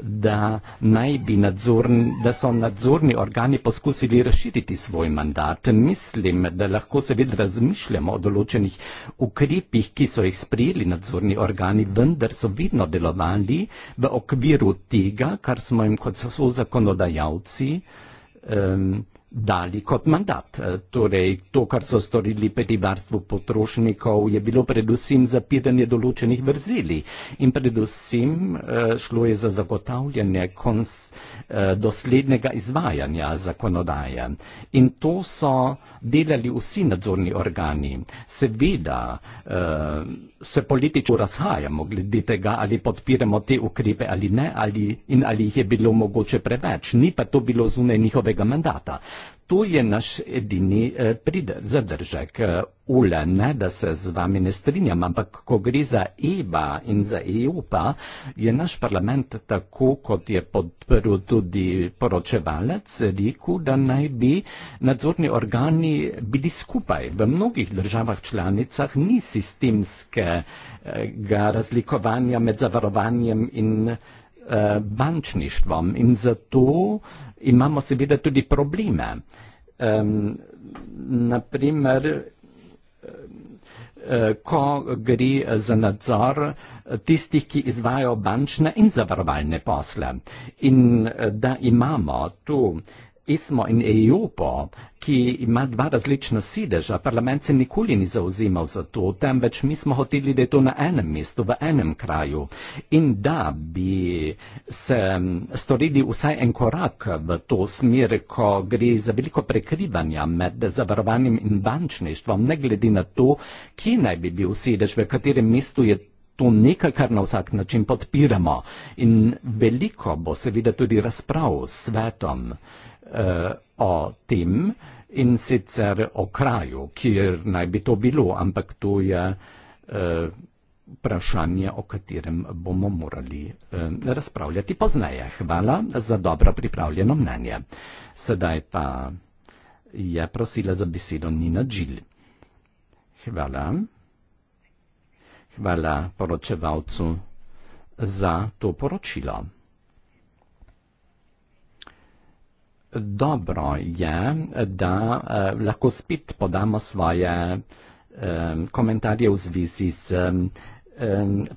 da naj bi nadzorn, da so nadzorni organi poskusili razširiti svoj mandat. Mislim, da lahko seveda razmišljamo o določenih ukrepih, ki so jih sprijeli nadzorni organi, vendar so vidno delovali v okviru tega, kar smo jim kot so zakonodajalci um, dali kot mandat. Eh, torej, to, kar so storili pri varstvu potrošnikov, je bilo predvsem zapiranje določenih vrzeli in predvsem eh, šlo je za zagotavljanje kons, eh, doslednega izvajanja zakonodaje. In to so delali vsi nadzorni organi. Seveda se politično razhajamo glede tega, ali podpiramo te ukrepe ali ne, ali, in ali jih je bilo mogoče preveč. Ni pa to bilo zunaj njihovega mandata. To je naš edini eh, zadržek. Eh, Ule, ne, da se z vami ne strinjam, ampak ko gre za EBA in za EU, pa je naš parlament, tako kot je podprl tudi poročevalec, rekel, da naj bi nadzorni organi bili skupaj. V mnogih državah članicah ni sistemskega razlikovanja med zavarovanjem in eh, bančništvom in zato imamo seveda tudi probleme. Um, naprimer, eh, ko gre za nadzor tistih, ki izvajo bančne in zavarovalne posle. In eh, da imamo tu ISMO in EUPO, ki ima dva različna sedeža, parlament se nikoli ni zauzimal za to, temveč mi smo hoteli, da je to na enem mestu, v enem kraju. In da bi se storili vsaj en korak v to smer, ko gre za veliko prekrivanja med zavarovanjem in bančništvom, ne glede na to, kje naj bi bil sedež, v katerem mestu je. To nekaj, kar na vsak način podpiramo in veliko bo seveda tudi razprav s svetom. Eh, o tem in sicer o kraju, kjer naj bi to bilo, ampak to je eh, vprašanje, o katerem bomo morali eh, razpravljati pozneje. Hvala za dobro pripravljeno mnenje. Sedaj pa je prosila za besedo Nina Džil. Hvala. Hvala poročevalcu za to poročilo. dobro je, da uh, lahko spet podamo svoje um, komentarje v zvezi z um,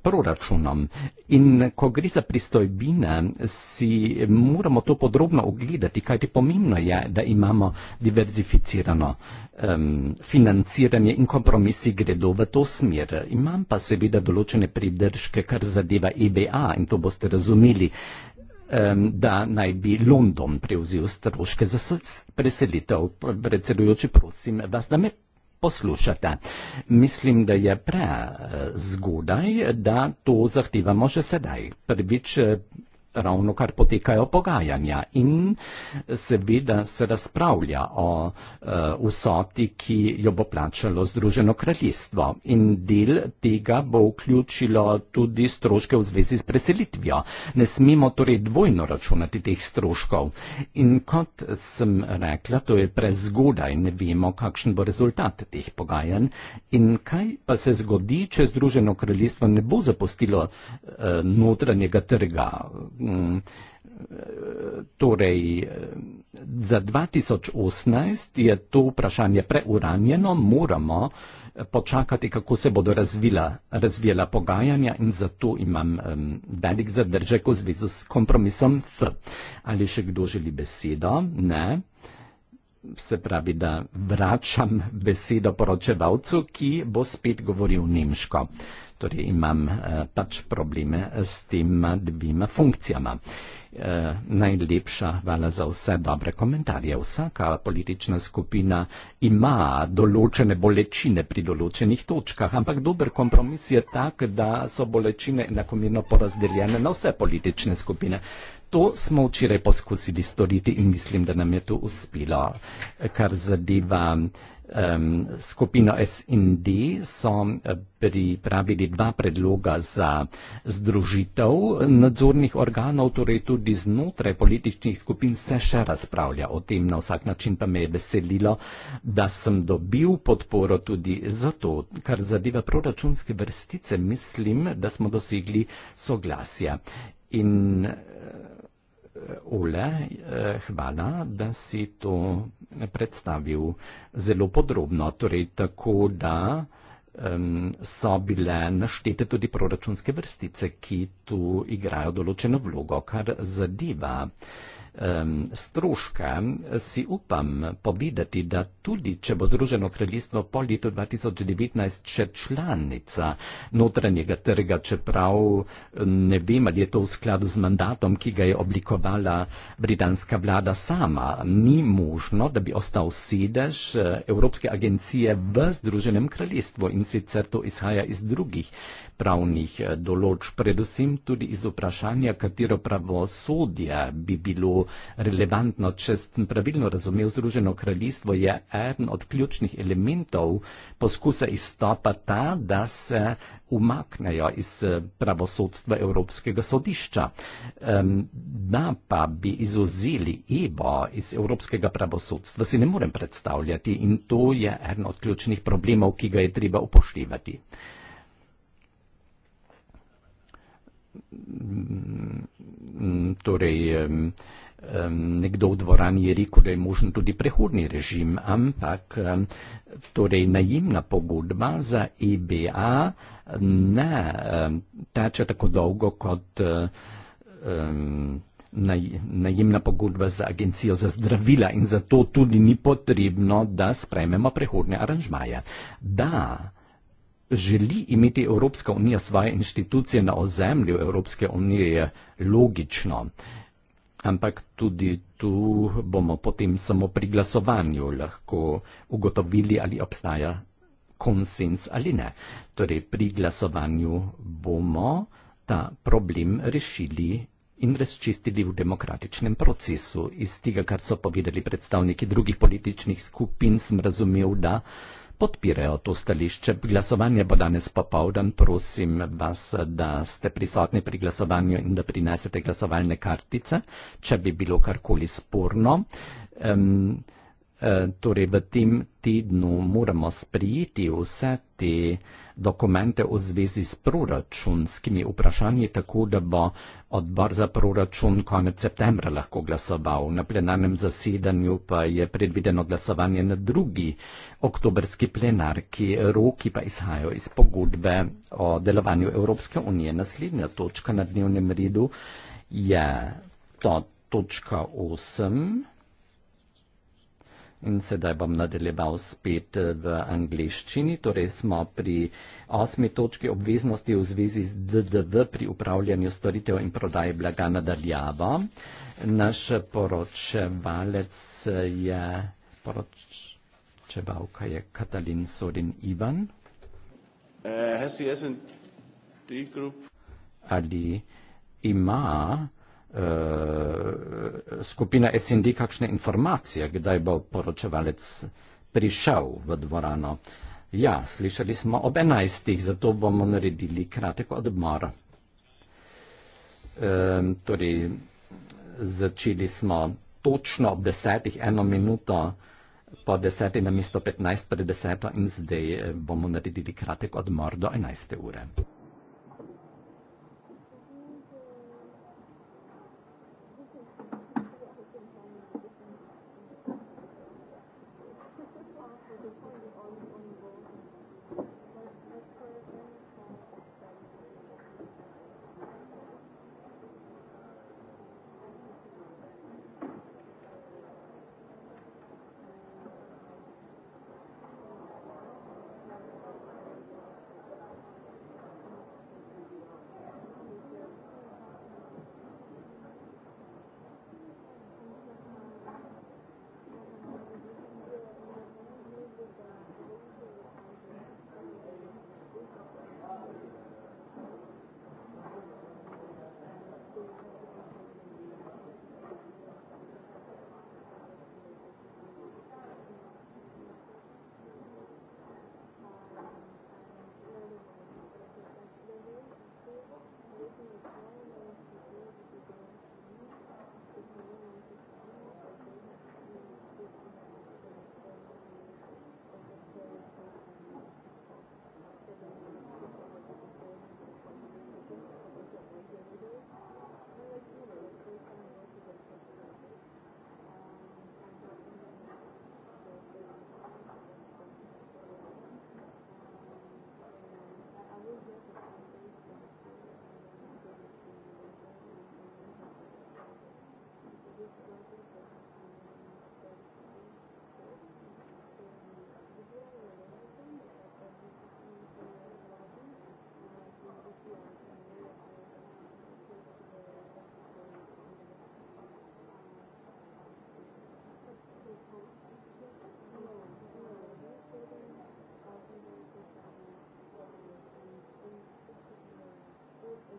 proračunom. In ko gre za pristojbine, si moramo to podrobno ogledati, kajti pomembno je, da imamo diverzificirano um, financiranje in kompromisi gredo v to smer. Imam pa seveda določene pridržke, kar zadeva EBA in to boste razumeli da naj bi London prevzel stroške za preselitev. Predsedujoči, prosim vas, da me poslušate. Mislim, da je prezgodaj, da to zahtevamo že sedaj. Prvič, ravno kar potekajo pogajanja in seveda se razpravlja o uh, vsoti, ki jo bo plačalo Združeno kraljestvo. In del tega bo vključilo tudi stroške v zvezi s preselitvijo. Ne smemo torej dvojno računati teh stroškov. In kot sem rekla, to je prezgodaj, ne vemo, kakšen bo rezultat teh pogajanj. In kaj pa se zgodi, če Združeno kraljestvo ne bo zapustilo uh, notranjega trga? Mm, torej, za 2018 je to vprašanje preuranjeno, moramo eh, počakati, kako se bodo razvila, razvijala pogajanja in zato imam um, velik zadržek v zvezi s kompromisom F. Ali še kdo želi besedo? Ne se pravi, da vračam besedo poročevalcu, ki bo spet govoril nemško. Torej imam eh, pač probleme s tema dvima funkcijama. Eh, najlepša hvala za vse dobre komentarje. Vsaka politična skupina ima določene bolečine pri določenih točkah, ampak dober kompromis je tak, da so bolečine enakomerno porazdeljene na vse politične skupine. To smo včeraj poskusili storiti in mislim, da nam je to uspelo. Kar zadeva um, skupino SND, so eh, pripravili dva predloga za združitev nadzornih organov, torej tudi znotraj političnih skupin se še razpravlja o tem. Na vsak način pa me je veselilo, da sem dobil podporo tudi za to, kar zadeva proračunske vrstice. Mislim, da smo dosegli soglasje. In, uh, Ule, eh, hvala, da si to predstavil zelo podrobno. Torej, tako da um, so bile naštete tudi proračunske vrstice, ki tu igrajo določeno vlogo, kar zadeva uh, stroške, si upam povedati, da tudi če bo Združeno kraljestvo po letu 2019 še članica notranjega trga, čeprav ne vem, ali je to v skladu z mandatom, ki ga je oblikovala britanska vlada sama, ni možno, da bi ostal sedež eh, Evropske agencije v Združenem kraljestvu in sicer to izhaja iz drugih pravnih eh, določb, predvsem tudi iz vprašanja, katero pravosodje bi bilo relevantno, če sem pravilno razumel, Združeno kraljestvo je eden od ključnih elementov poskusa izstopa ta, da se umaknejo iz eh, pravosodstva Evropskega sodišča. Da pa bi izuzeli Ebo iz Evropskega pravosodstva, si ne morem predstavljati in to je eden od ključnih problemov, ki ga je treba upoštevati. torej, nekdo v dvorani je rekel, da je možen tudi prehodni režim, ampak torej, najemna pogodba za EBA ne teče tako dolgo kot najemna pogodba za agencijo za zdravila in zato tudi ni potrebno, da sprejmemo prehodne aranžmaje. Da, Želi imeti Evropska unija svoje inštitucije na ozemlju Evropske unije, je logično. Ampak tudi tu bomo potem samo pri glasovanju lahko ugotovili, ali obstaja konsens ali ne. Torej, pri glasovanju bomo ta problem rešili in razčistili v demokratičnem procesu. Iz tega, kar so povedali predstavniki drugih političnih skupin, sem razumel, da podpirajo to stališče. Glasovanje bo danes popovdan. Prosim vas, da ste prisotni pri glasovanju in da prinesete glasovalne kartice, če bi bilo karkoli sporno. Um, Eh, torej v tem tednu moramo sprijeti vse te dokumente v zvezi s proračunskimi vprašanji, tako da bo odbor za proračun konec septembra lahko glasoval. Na plenarnem zasedanju pa je predvideno glasovanje na drugi oktobrski plenarki, roki pa izhajajo iz pogodbe o delovanju Evropske unije. Naslednja točka na dnevnem redu je to točka 8. In sedaj bom nadaljeval spet eh, v angliščini, torej smo pri osmi točki obveznosti v zvezi z DDV pri upravljanju storitev in prodaji blaga nadaljavo. Naš poročevalec eh, je, poročevalka je Katalin Sorin Ivan. Uh, Ali ima Eh, skupina SND kakšne informacije, kdaj bo poročevalec prišel v dvorano. Ja, slišali smo ob enajstih, zato bomo naredili kratek odmor. E, torej, začeli smo točno ob desetih, eno minuto po deseti namesto petnajst pred deseto in zdaj eh, bomo naredili kratek odmor do enajste ure.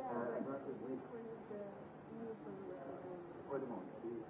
Yeah, yeah. Uh, yeah. Wait a moment.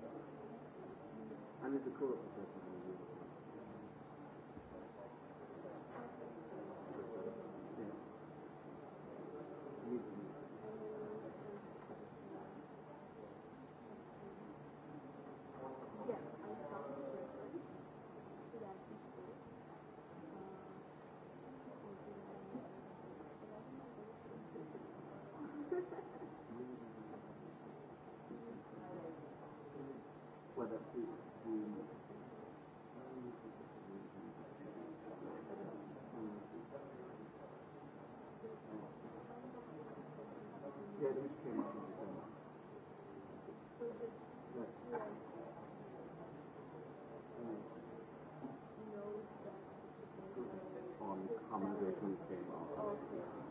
Ani tako. okay.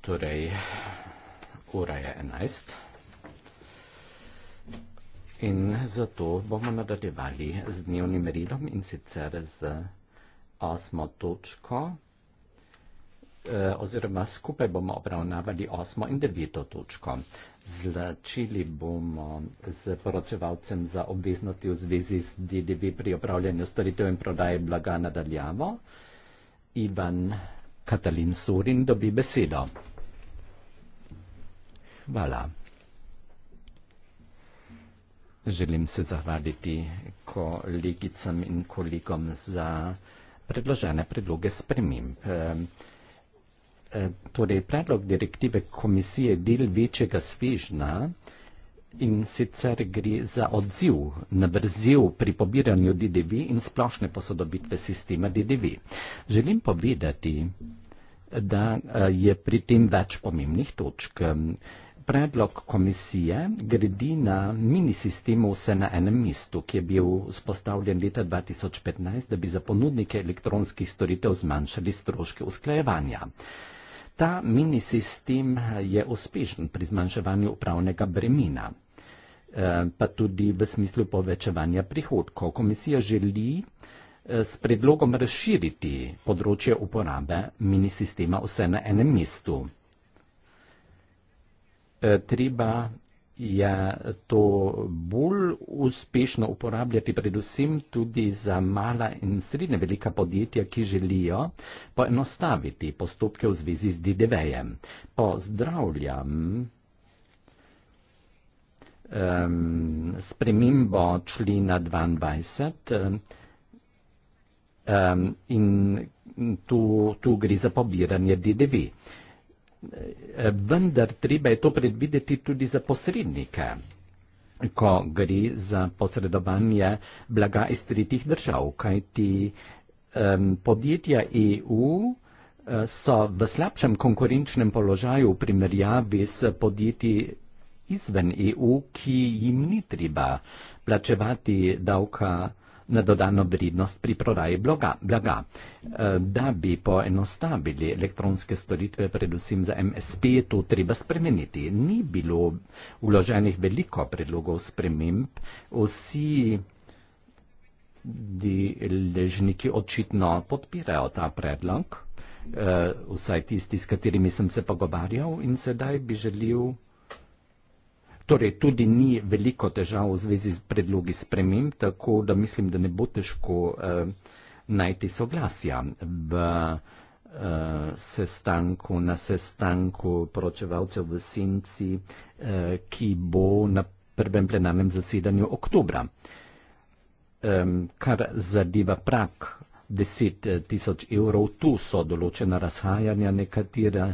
Torej, ura je enajst in zato bomo nadaljevali z dnevnim redom in sicer z osmo točko e, oziroma skupaj bomo obravnavali osmo in deveto točko. Zlačili bomo z poročevalcem za obveznosti v zvezi z DDV pri opravljanju storitev in prodaje blaga nadaljavo. Ivan Katalin Sorin dobi besedo. Hvala. Želim se zahvaliti kolegicam in kolegom za predložene predloge sprememb. Torej, predlog direktive komisije del večjega svežna In sicer gre za odziv na brzel pri pobiranju DDV in splošne posodobitve sistema DDV. Želim povedati, da eh, je pri tem več pomembnih točk. Predlog komisije gredi na minisistemu vse na enem mestu, ki je bil spostavljen leta 2015, da bi za ponudnike elektronskih storitev zmanjšali stroške usklajevanja. Ta minisistem eh, je uspešen pri zmanjševanju upravnega bremena. Eh, pa tudi v smislu povečevanja prihodkov. Komisija želi eh, s predlogom razširiti področje uporabe mini sistema vse na enem mestu. Eh, treba je to bolj uspešno uporabljati predvsem tudi za mala in srednje velika podjetja, ki želijo poenostaviti postopke v zvezi z DDV-jem. Pozdravljam spremembo člena 22 um, in tu, tu gre za pobiranje DDV. Vendar treba je to predvideti tudi za posrednike, ko gre za posredovanje blaga iz tretjih držav, kajti um, podjetja EU eh, so v slabšem konkurenčnem položaju v primerjavi s podjetji izven EU, ki jim ni treba plačevati davka na dodano vrednost pri prodaji bloga, blaga. E, da bi poenostavili elektronske storitve, predvsem za MSP, to treba spremeniti. Ni bilo uloženih veliko predlogov sprememb. Vsi deležniki očitno podpirajo ta predlog, e, vsaj tisti, s katerimi sem se pogovarjal in sedaj bi želil. Torej, tudi ni veliko težav v zvezi s predlogi sprememb, tako da mislim, da ne bo težko eh, najti soglasja v eh, sestanku, na sestanku poročevalcev v Sinci, eh, ki bo na prvem plenarnem zasedanju oktobra. Eh, kar zadeva prak 10 eh, tisoč evrov. Tu so določena razhajanja, nekatera,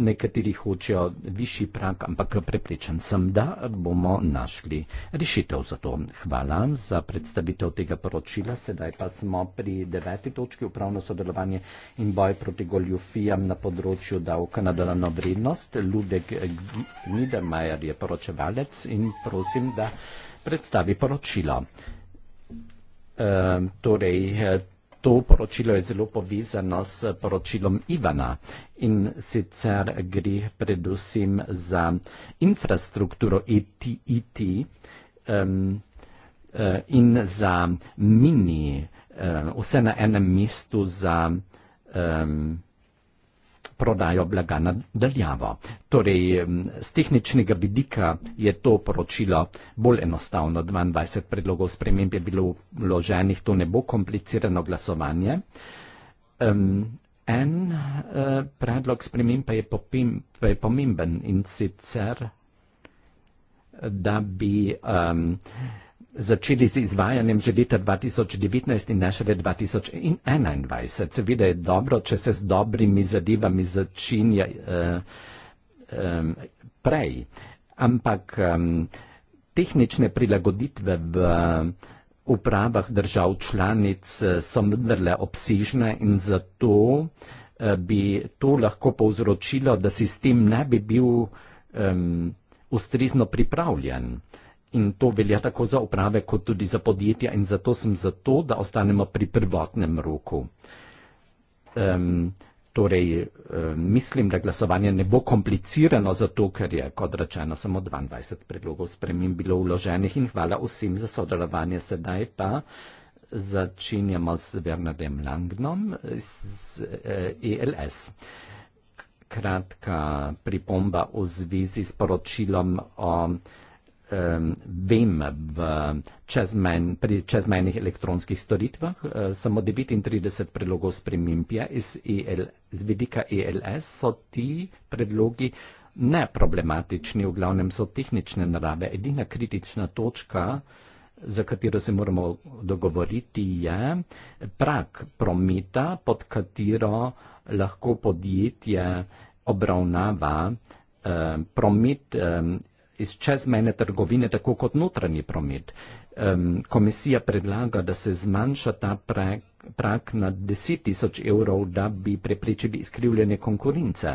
nekateri hočejo višji prak, ampak prepričan sem, da bomo našli rešitev za to. Hvala za predstavitev tega poročila. Sedaj pa smo pri deveti točki upravno sodelovanje in boj proti goljufijam na področju davka na dodano vrednost. Ludek Niedermayer je poročevalec in prosim, da predstavi poročilo. E, torej, eh, to poročilo je zelo povezano s poročilom Ivana in sicer gre predvsem za infrastrukturo ETIT um, uh, eh, in za mini, uh, vse na enem mestu za um, prodajo blaga nadaljavo. Torej, z tehničnega vidika je to poročilo bolj enostavno. 22 predlogov sprememb je bilo vloženih, to ne bo komplicirano glasovanje. Um, en uh, predlog sprememb pa je, popim, pa je pomemben in sicer, da bi. Um, začeli z izvajanjem že leta 2019 in ne šele 2021. Seveda je dobro, če se z dobrimi zadevami začinja um, eh, um, eh, prej, ampak um, tehnične prilagoditve v upravah držav članic eh, so vendarle obsežne in zato bi to lahko povzročilo, da sistem ne bi bil um, ustrezno pripravljen. In to velja tako za uprave, kot tudi za podjetja, in zato sem za to, da ostanemo pri prvotnem roku. Um, torej, um, mislim, da glasovanje ne bo komplicirano, zato ker je, kot rečeno, samo 22 predlogov spremem bilo uloženih in hvala vsem za sodelovanje. Sedaj pa začenjamo z Bernardem Langnom iz ELS. Eh, e Kratka pripomba v zvezi s poročilom o Ehm, vem, v čezmen, pri čezmenih elektronskih storitvah eh, samo 39 predlogov sprememb je iz, EL, iz vidika ELS, so ti predlogi neproblematični, v glavnem so tehnične narave. Edina kritična točka, za katero se moramo dogovoriti, je prak prometa, pod katero lahko podjetje obravnava eh, promet. Eh, iz čezmejne trgovine, tako kot notranji promet. Um, komisija predlaga, da se zmanjša ta prek prak na 10 tisoč evrov, da bi preprečili izkrivljanje konkurence.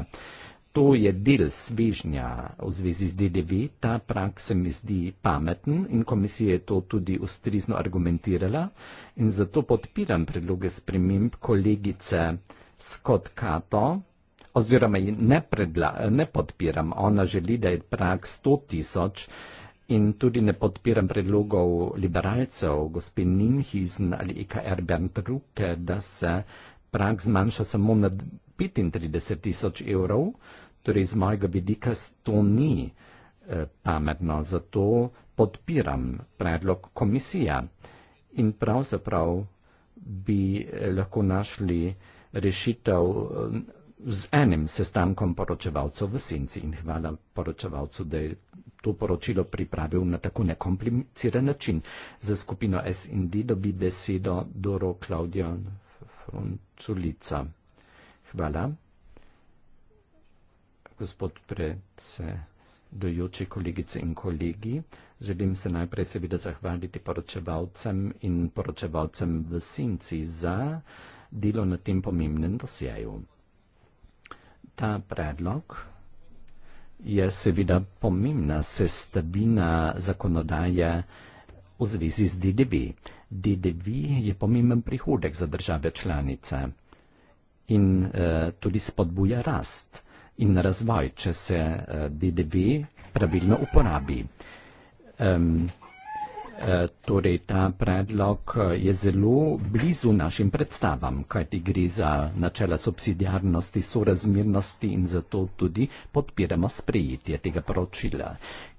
To je del svežnja v zvezi z DDV, ta prak se mi zdi pameten in komisija je to tudi ustrizno argumentirala in zato podpiram predloge sprememb kolegice Scott Kato, oziroma ne, predla, ne podpiram. Ona želi, da je prak 100 tisoč in tudi ne podpiram predlogov liberalcev, gospe Ninhizn ali IKR Bernd-Ruke, da se prak zmanjša samo na 35 tisoč evrov. Torej, iz mojega vidika to ni eh, pametno, zato podpiram predlog komisija in pravzaprav bi eh, lahko našli rešitev eh, z enim sestankom poročevalcev v senci in hvala poročevalcu, da je to poročilo pripravil na tako nekompliciran način. Za skupino SND dobi besedo Doro Klaudijo Frunculica. Hvala. Gospod predse dojoči kolegice in kolegi. Želim se najprej seveda zahvaliti poročevalcem in poročevalcem v Sinci za delo na tem pomembnem dosjeju ta predlog je seveda pomembna sestavina zakonodaje v zvezi z DDV. DDV je pomemben prihodek za države članice in eh, tudi spodbuja rast in razvoj, če se eh, DDV pravilno uporabi. Um, Eh, torej ta predlog eh, je zelo blizu našim predstavam, kajti gre za načela subsidiarnosti, sorazmernosti in zato tudi podpiramo sprejetje tega poročila.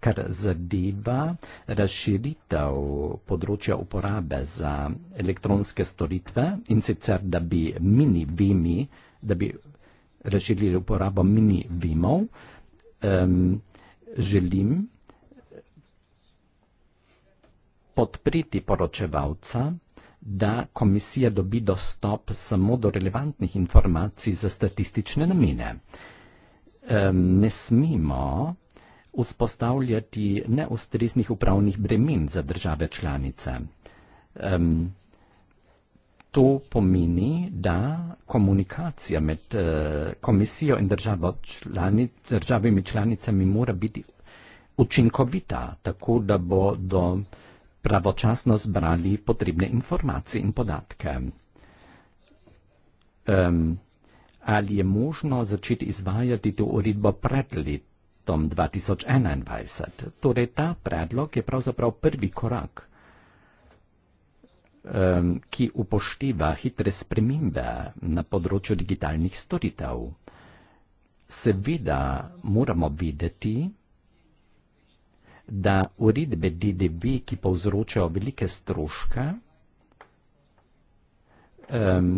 Kar zadeva razširitev področja uporabe za elektronske storitve in sicer, da bi mini vimi, da bi razširili uporabo mini vimov, um, želim, podpriti poročevalca, da komisija dobi dostop samo do relevantnih informacij za statistične namene. Ne smemo vzpostavljati neustreznih upravnih bremen za države članice. To pomeni, da komunikacija med eh, komisijo in članic, državimi članicami mora biti učinkovita, tako da bo do pravočasno zbrali potrebne informacije in podatke. Um, ali je možno začeti izvajati to uredbo pred letom 2021? Torej, ta predlog je pravzaprav prvi korak, um, ki upošteva hitre spremembe na področju digitalnih storitev. Seveda moramo vedeti, da uredbe DDB, ki povzročajo velike stroške, um,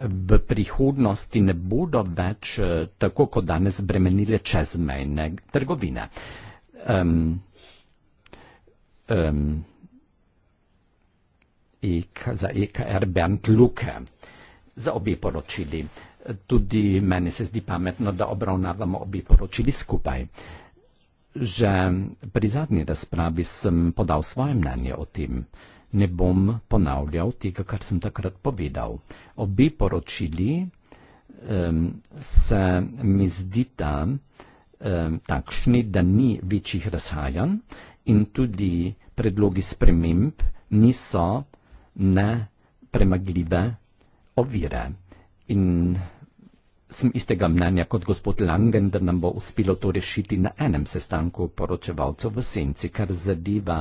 v prihodnosti ne bodo več eh, tako kot danes bremenile čezmejne trgovine. Um, um, ek, e za EKR Bernd Luke, za obe poročili. Tudi meni se zdi pametno, da obravnavamo obe poročili skupaj že pri zadnji razpravi sem podal svoje mnenje o tem. Ne bom ponavljal tega, kar sem takrat povedal. Obe poročili um, se mi zdita um, takšni, da ni večjih razhajanj in tudi predlogi sprememb niso nepremagljive ovire. In sem istega mnenja kot gospod Langen, da nam bo uspelo to rešiti na enem sestanku poročevalcev v senci, kar zadeva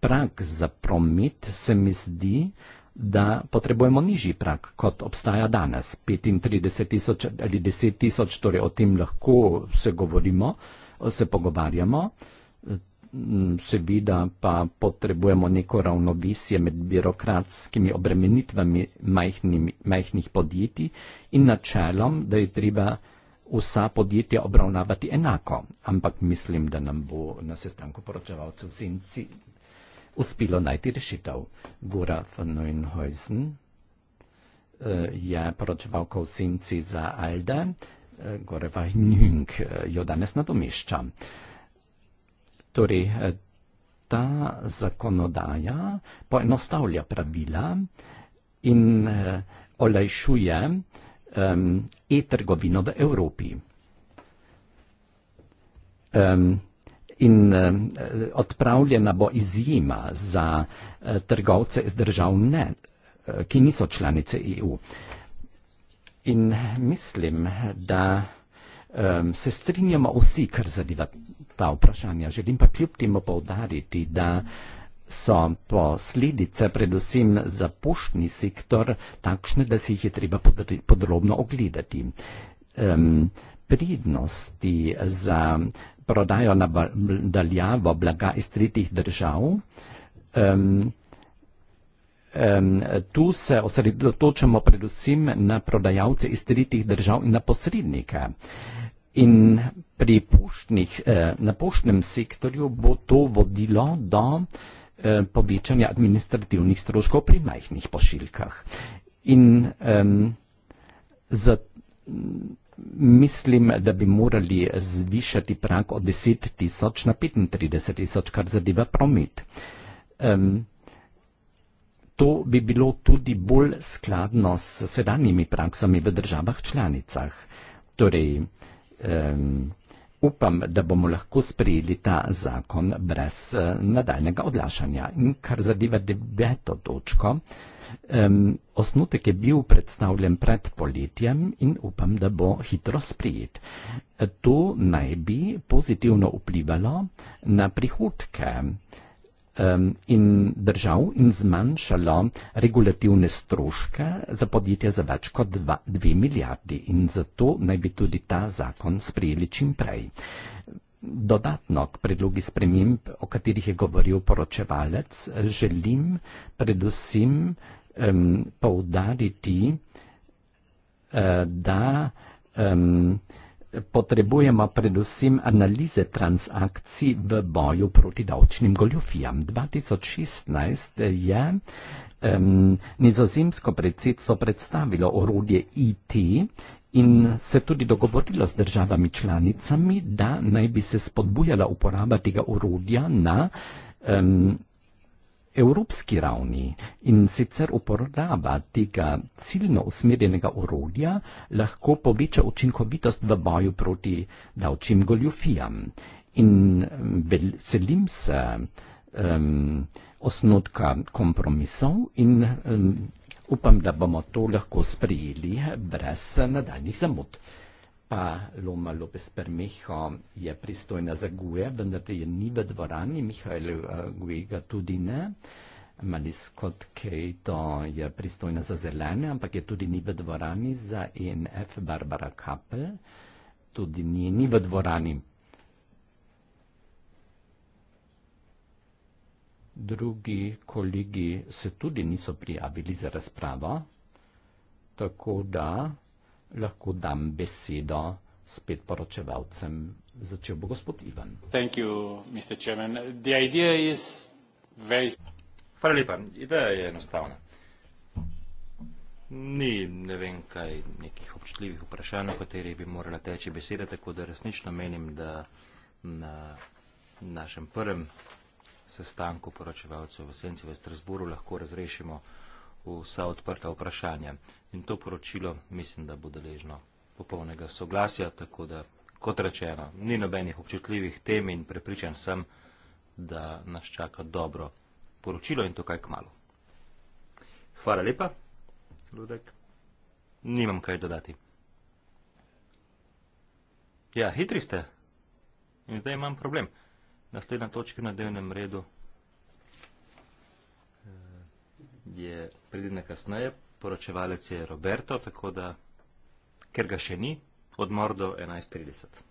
prak za promet, se mi zdi, da potrebujemo nižji prak, kot obstaja danes, 35 tisoč ali 10 tisoč, torej o tem lahko se govorimo, se pogovarjamo. Mm, seveda pa potrebujemo neko ravnovesje med birokratskimi obremenitvami majhnimi, majhnih podjetij in načelom, da je treba vsa podjetja obravnavati enako. Ampak mislim, da nam bo na sestanku poročevalcev Zinci uspelo najti rešitev. Gura von Neuenhuysen eh, je poročevalka v Zinci za Alde, eh, Gora von Neuenhuysen eh, jo danes nadomešča. Torej, eh, ta zakonodaja poenostavlja pravila in eh, olajšuje um, e-trgovino v Evropi. Um, in um, odpravljena bo izjema za uh, trgovce iz držav ne, uh, ki niso članice EU. In mislim, da um, se strinjamo vsi, kar zadeva ta vprašanja. Želim pa kljub temu povdariti, da so posledice predvsem za poštni sektor takšne, da si jih je treba podrobno ogledati. Um, prednosti za prodajo na daljavo blaga iz tretjih držav. Um, um, tu se osredotočamo predvsem na prodajalce iz tretjih držav in na posrednike. Um, In pri puščnih, eh, na puščnem sektorju bo to vodilo do eh, povečanja administrativnih stroškov pri majhnih pošiljkah. In eh, za, mislim, da bi morali zvišati prak od 10 tisoč na 35 tisoč, kar zadeva promet. Um, to bi bilo tudi bolj skladno s sedanjimi praksami v državah članicah. Torej, um, upam, da bomo lahko sprejeli ta zakon brez uh, nadaljnega odlašanja. In kar zadeva deveto točko, um, osnutek je bil predstavljen pred poletjem in upam, da bo hitro sprejet. To naj bi pozitivno vplivalo na prihodke. Um, in držav in zmanjšalo regulativne stroške za podjetja za več kot 2 milijardi in zato naj bi tudi ta zakon sprejeli čim prej. Dodatno k predlogi sprememb, o katerih je govoril poročevalec, želim predvsem um, poudariti, uh, da um, potrebujemo predvsem analize transakcij v boju proti davčnim goljofijam. 2016 je um, nizozemsko predsedstvo predstavilo orodje IT in se tudi dogovorilo s državami članicami, da naj bi se spodbujala uporaba tega orodja na um, evropski ravni in sicer uporaba tega ciljno usmerjenega orodja lahko poveča učinkovitost v boju proti davčnim goljufijam. In veselim se um, osnotka kompromisov in um, upam, da bomo to lahko sprejeli brez nadaljnih zamud pa Loma Lopes Permeho je pristojna za guje, vendar te je ni v dvorani, Mihajl eh, Gujega tudi ne. Mali Scott Kato je pristojna za zelene, ampak je tudi ni v dvorani za ENF Barbara Kapel, tudi ni, ni v dvorani. Drugi kolegi se tudi niso prijavili za razpravo, tako da lahko dam besedo spet poročevalcem, začel bo gospod Ivan. Thank you, Mr. Chairman. The idea is very... Hvala lepa, ideja je enostavna. Ni, ne vem kaj, nekih občutljivih vprašanj, o katerih bi morala teči beseda, tako da resnično menim, da na našem prvem sestanku poročevalcev v Senci v Strasburu lahko razrešimo uh, vsa odprta vprašanja. In to poročilo mislim, da bo deležno popolnega soglasja, tako da, kot rečeno, ni nobenih občutljivih tem in prepričan sem, da nas čaka dobro poročilo in to kaj kmalo. Hvala lepa, Ludek. Nimam kaj dodati. Ja, hitri ste. In zdaj imam problem. Naslednja točka na dnevnem redu. je pridne kasneje, poročevalec je Roberto, tako da, ker ga še ni, odmor do 11.30.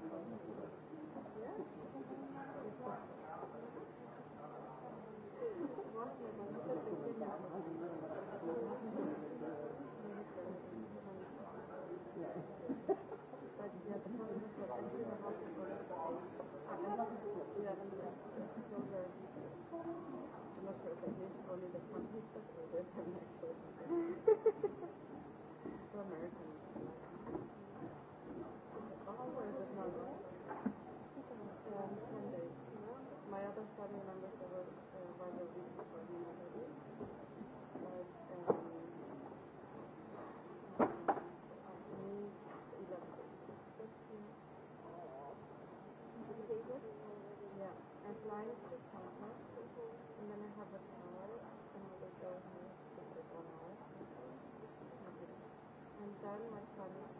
Thank you. I present my proposal, and then I have an hour, and I will go ahead and take it one hour. And then my colleague.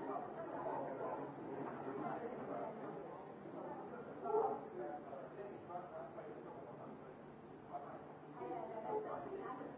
Thank you.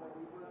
película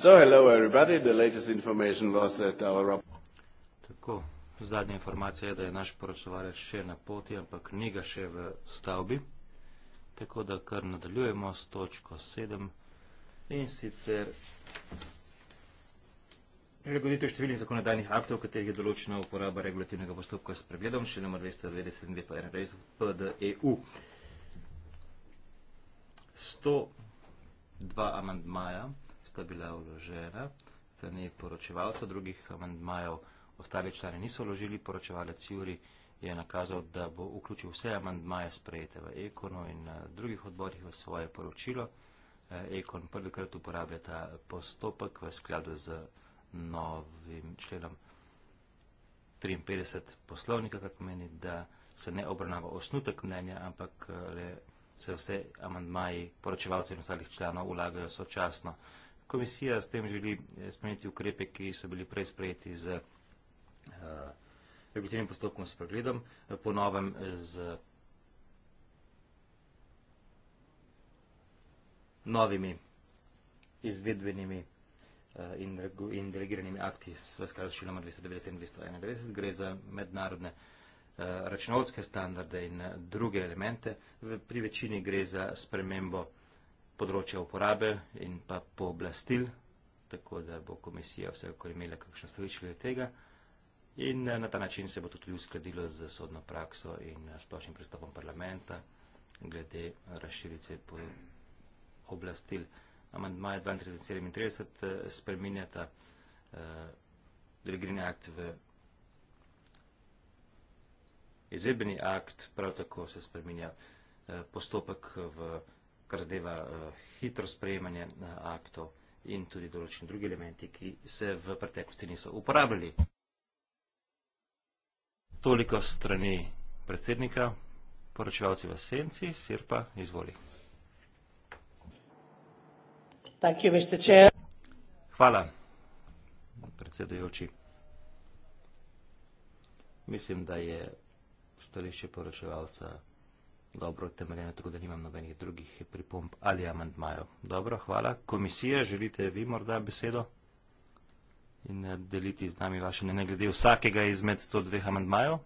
Hello everybody. The latest information was that our Tako, zadnja informacija je, da je naš poročevalec še na poti, ampak ni ga še v stavbi. Tako da kar nadaljujemo s točko 7 in sicer prilagoditev številnih zakonodajnih aktov, katerih je določena uporaba regulativnega postopka s pregledom, še nama 290-291 PDEU. 102 amandmaja sta bila vložena strani poročevalca, drugih amandmajev ostali člani niso vložili, poročevalec Juri je nakazal, da bo vključil vse amandmaje sprejete v Ekonu in na eh, drugih odborih v svoje poročilo. Eh, Ekon prvikrat uporablja ta postopek v skladu z novim členom 53 poslovnika, kar pomeni, da se ne obravnava osnutek mnenja, ampak eh, le se vse amandmaji poročevalcev in ostalih članov vlagajo sočasno komisija s tem želi eh, spremeniti ukrepe, ki so bili prej sprejeti z uh, regulativnim postopkom s pregledom, eh, po novem z novimi izvedbenimi uh, in, in delegiranimi akti, sve skaj z šiloma 290 in 291, gre za mednarodne računovske standarde in druge elemente. V, pri večini gre za spremembo področja uporabe in pa pooblastil, tako da bo komisija vse, kar imela kakšno stoličilje tega in eh, na ta način se bo tudi uskladilo z sodno prakso in eh, splošnim pristopom parlamenta glede razširitve oblastil. Amandmaje 32 in 37 spreminjata eh, delegirani akt v izvedbeni akt, prav tako se spreminja eh, postopek v eh, kar zadeva eh, hitro sprejemanje eh, aktov in tudi določeni drugi elementi, ki se v preteklosti niso uporabljali. Toliko strani predsednika, poročevalci v senci, Sirpa, izvoli. Hvala, predsedujoči. Mislim, da je stališče poročevalca vsega dobro temeljeno, tako da nimam nobenih drugih pripomb ali amantmajev. Dobro, hvala. Komisija, želite vi morda besedo? In eh, deliti z nami vaše ne glede vsakega izmed 102 amantmajev?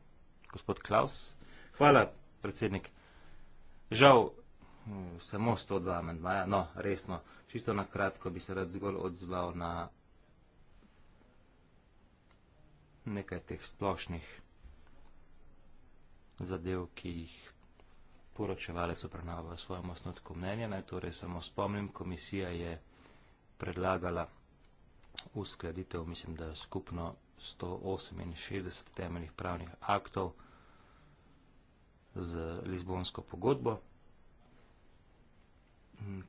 Gospod Klaus? Hvala, predsednik. Žal, hm, samo 102 amantmaja, no, resno, čisto nakratko bi se rad zgolj odzval na nekaj teh splošnih zadev, ki jih poročevalec obravnava v svojem osnotku mnenja. Naj torej samo spomnim, komisija je predlagala uskladitev, mislim, da skupno 168 temeljnih pravnih aktov z Lizbonsko pogodbo.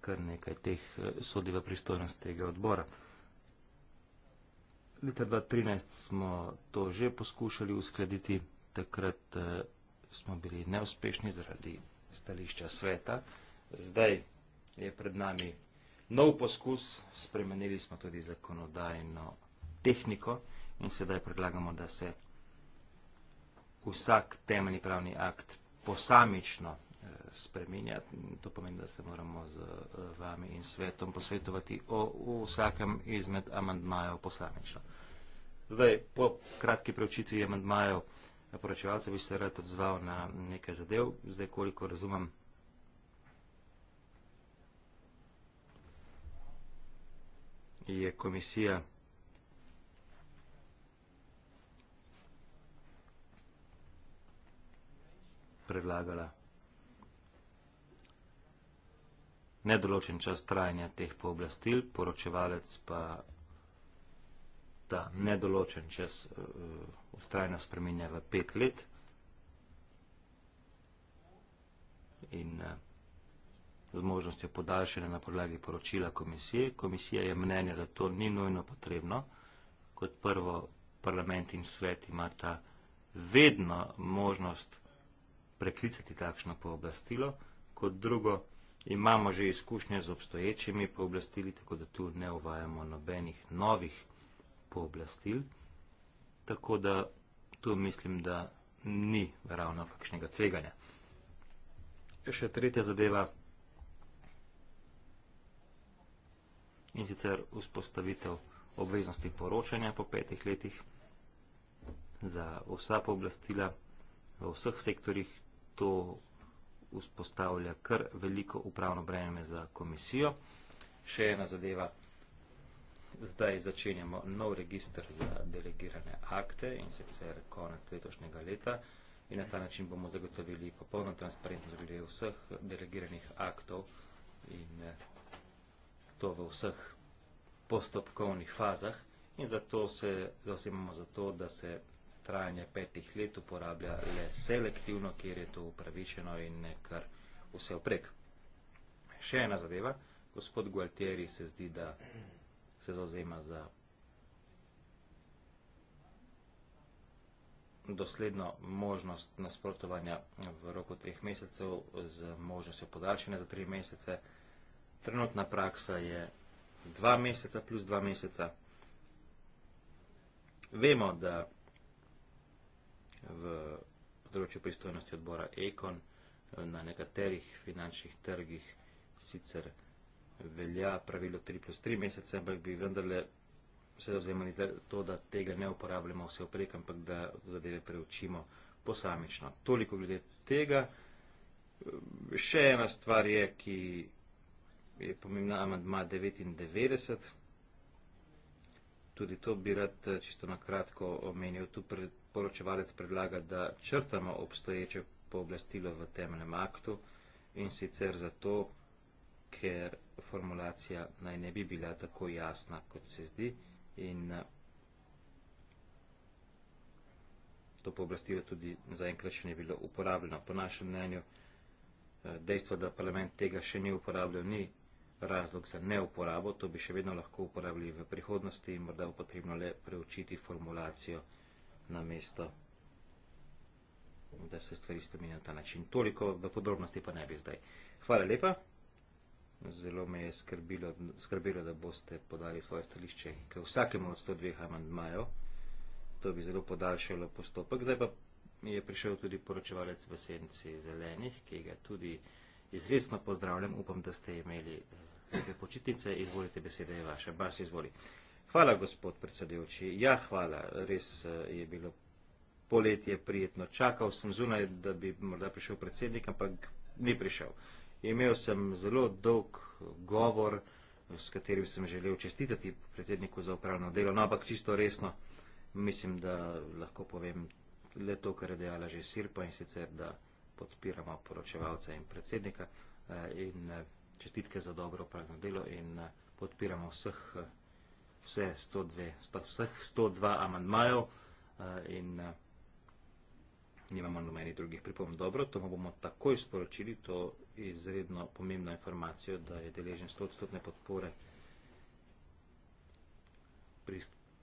Kar nekaj teh eh, sodi v pristojnost tega odbora. Leta 2013 smo to že poskušali uskladiti, takrat eh, smo bili neuspešni zaradi stališča sveta. Zdaj je pred nami nov poskus, spremenili smo tudi zakonodajno tehniko in sedaj predlagamo, da se vsak temeljni pravni akt posamično eh, spreminja. To pomeni, da se moramo z eh, vami in svetom posvetovati o vsakem izmed amandmajev posamično. Zdaj, po kratki preučitvi amandmajev, poročevalca bi se rad odzval na nekaj zadev, zdaj koliko razumem. Je komisija predlagala nedoločen čas trajanja teh pooblastil, poročevalec pa predlagala ta nedoločen čas ustrajno eh, spremenja v pet let in eh, z možnostjo podaljšanja na podlagi poročila komisije. Komisija je mnenja, da to ni nujno potrebno. Kot prvo, parlament in svet imata vedno možnost preklicati takšno pooblastilo. Kot drugo, imamo že izkušnje z obstoječimi pooblastili, tako da tu ne uvajamo nobenih novih pooblastil. Tako da tu mislim, da ni ravno kakšnega tveganja. Ja, še tretja zadeva in sicer vzpostavitev obveznosti poročanja po petih letih za vsa pooblastila v vseh sektorjih. To vzpostavlja kar veliko upravno breme za komisijo. Še ena zadeva. Zdaj začenjamo nov registr za delegirane akte in sicer konec letošnjega leta in na ta način bomo zagotovili popolno transparentnost glede vseh delegiranih aktov in eh, to v vseh postopkovnih fazah in zato se zasemamo za to, da se trajanje petih let uporablja le selektivno, kjer je to upravičeno in ne kar vse oprek. Še ena zadeva, gospod Gualtieri se zdi, da se zauzema za dosledno možnost nasprotovanja v roku treh mesecev z možnostjo podaljšanja za tri mesece. Trenutna praksa je dva meseca plus dva meseca. Vemo, da v področju pristojnosti odbora Ekon na nekaterih finančnih trgih sicer nekaj velja pravilo 3 plus 3 mesece, ampak bi vendarle vse dozemali za to, da tega ne uporabljamo vse oprek, ampak da zadeve preučimo posamično. Toliko glede tega. Še ena stvar je, ki je pomembna, amadma 99. Tudi to bi rad eh, čisto na kratko omenil. Tu poročevalec predlaga, da črtamo obstoječe pooblastilo v temeljem aktu in sicer zato, ker formulacija naj ne bi bila tako jasna, kot se zdi in eh, to pooblastilo tudi zaenkrat še ni bilo uporabljeno. Po našem mnenju eh, dejstvo, da parlament tega še ni uporabljal, ni razlog za neuporabo, to bi še vedno lahko uporabili v prihodnosti in morda bo potrebno le preučiti formulacijo na mesto, da se stvari spremenijo na ta način. Toliko v podrobnosti pa ne bi zdaj. Hvala lepa. Zelo me je skrbilo, skrbilo da boste podali svoje stališče k vsakemu od 102 amandmajev. To bi zelo podaljšalo postopek. Zdaj pa je prišel tudi poročevalec v senci zelenih, ki ga tudi izredno pozdravljam. Upam, da ste imeli nekaj eh, počitnice. Izvolite, beseda je vaša. Bas izvoli. Hvala, gospod predsedujoči. Ja, hvala. Res eh, je bilo poletje prijetno. Čakal sem zunaj, da bi morda prišel predsednik, ampak ni prišel. Imel sem zelo dolg govor, s katerim sem želel čestitati predsedniku za upravno delo, no, ampak čisto resno mislim, da lahko povem le to, kar je dejala že Sirpa in sicer, da podpiramo poročevalca in predsednika eh, in eh, čestitke za dobro upravno delo in eh, podpiramo vseh, vse 102, vseh 102 amandmajev in podpiramo nimamo nobenih drugih pripomb. Dobro, to bomo takoj sporočili, to je izredno pomembna informacija, da je deležen 100% podpore pri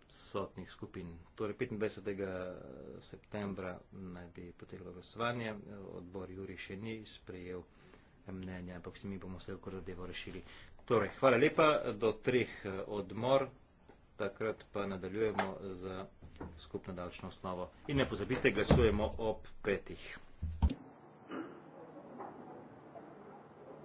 sotnih skupin. Torej 25. septembra naj bi potekalo glasovanje, odbor Juri še ni sprejel mnenja, ampak si mi bomo vse okor zadevo rešili. Torej, hvala lepa, do treh eh, odmor takrat pa nadaljujemo z skupno davčno osnovo. In ne pozabite, glasujemo ob petih.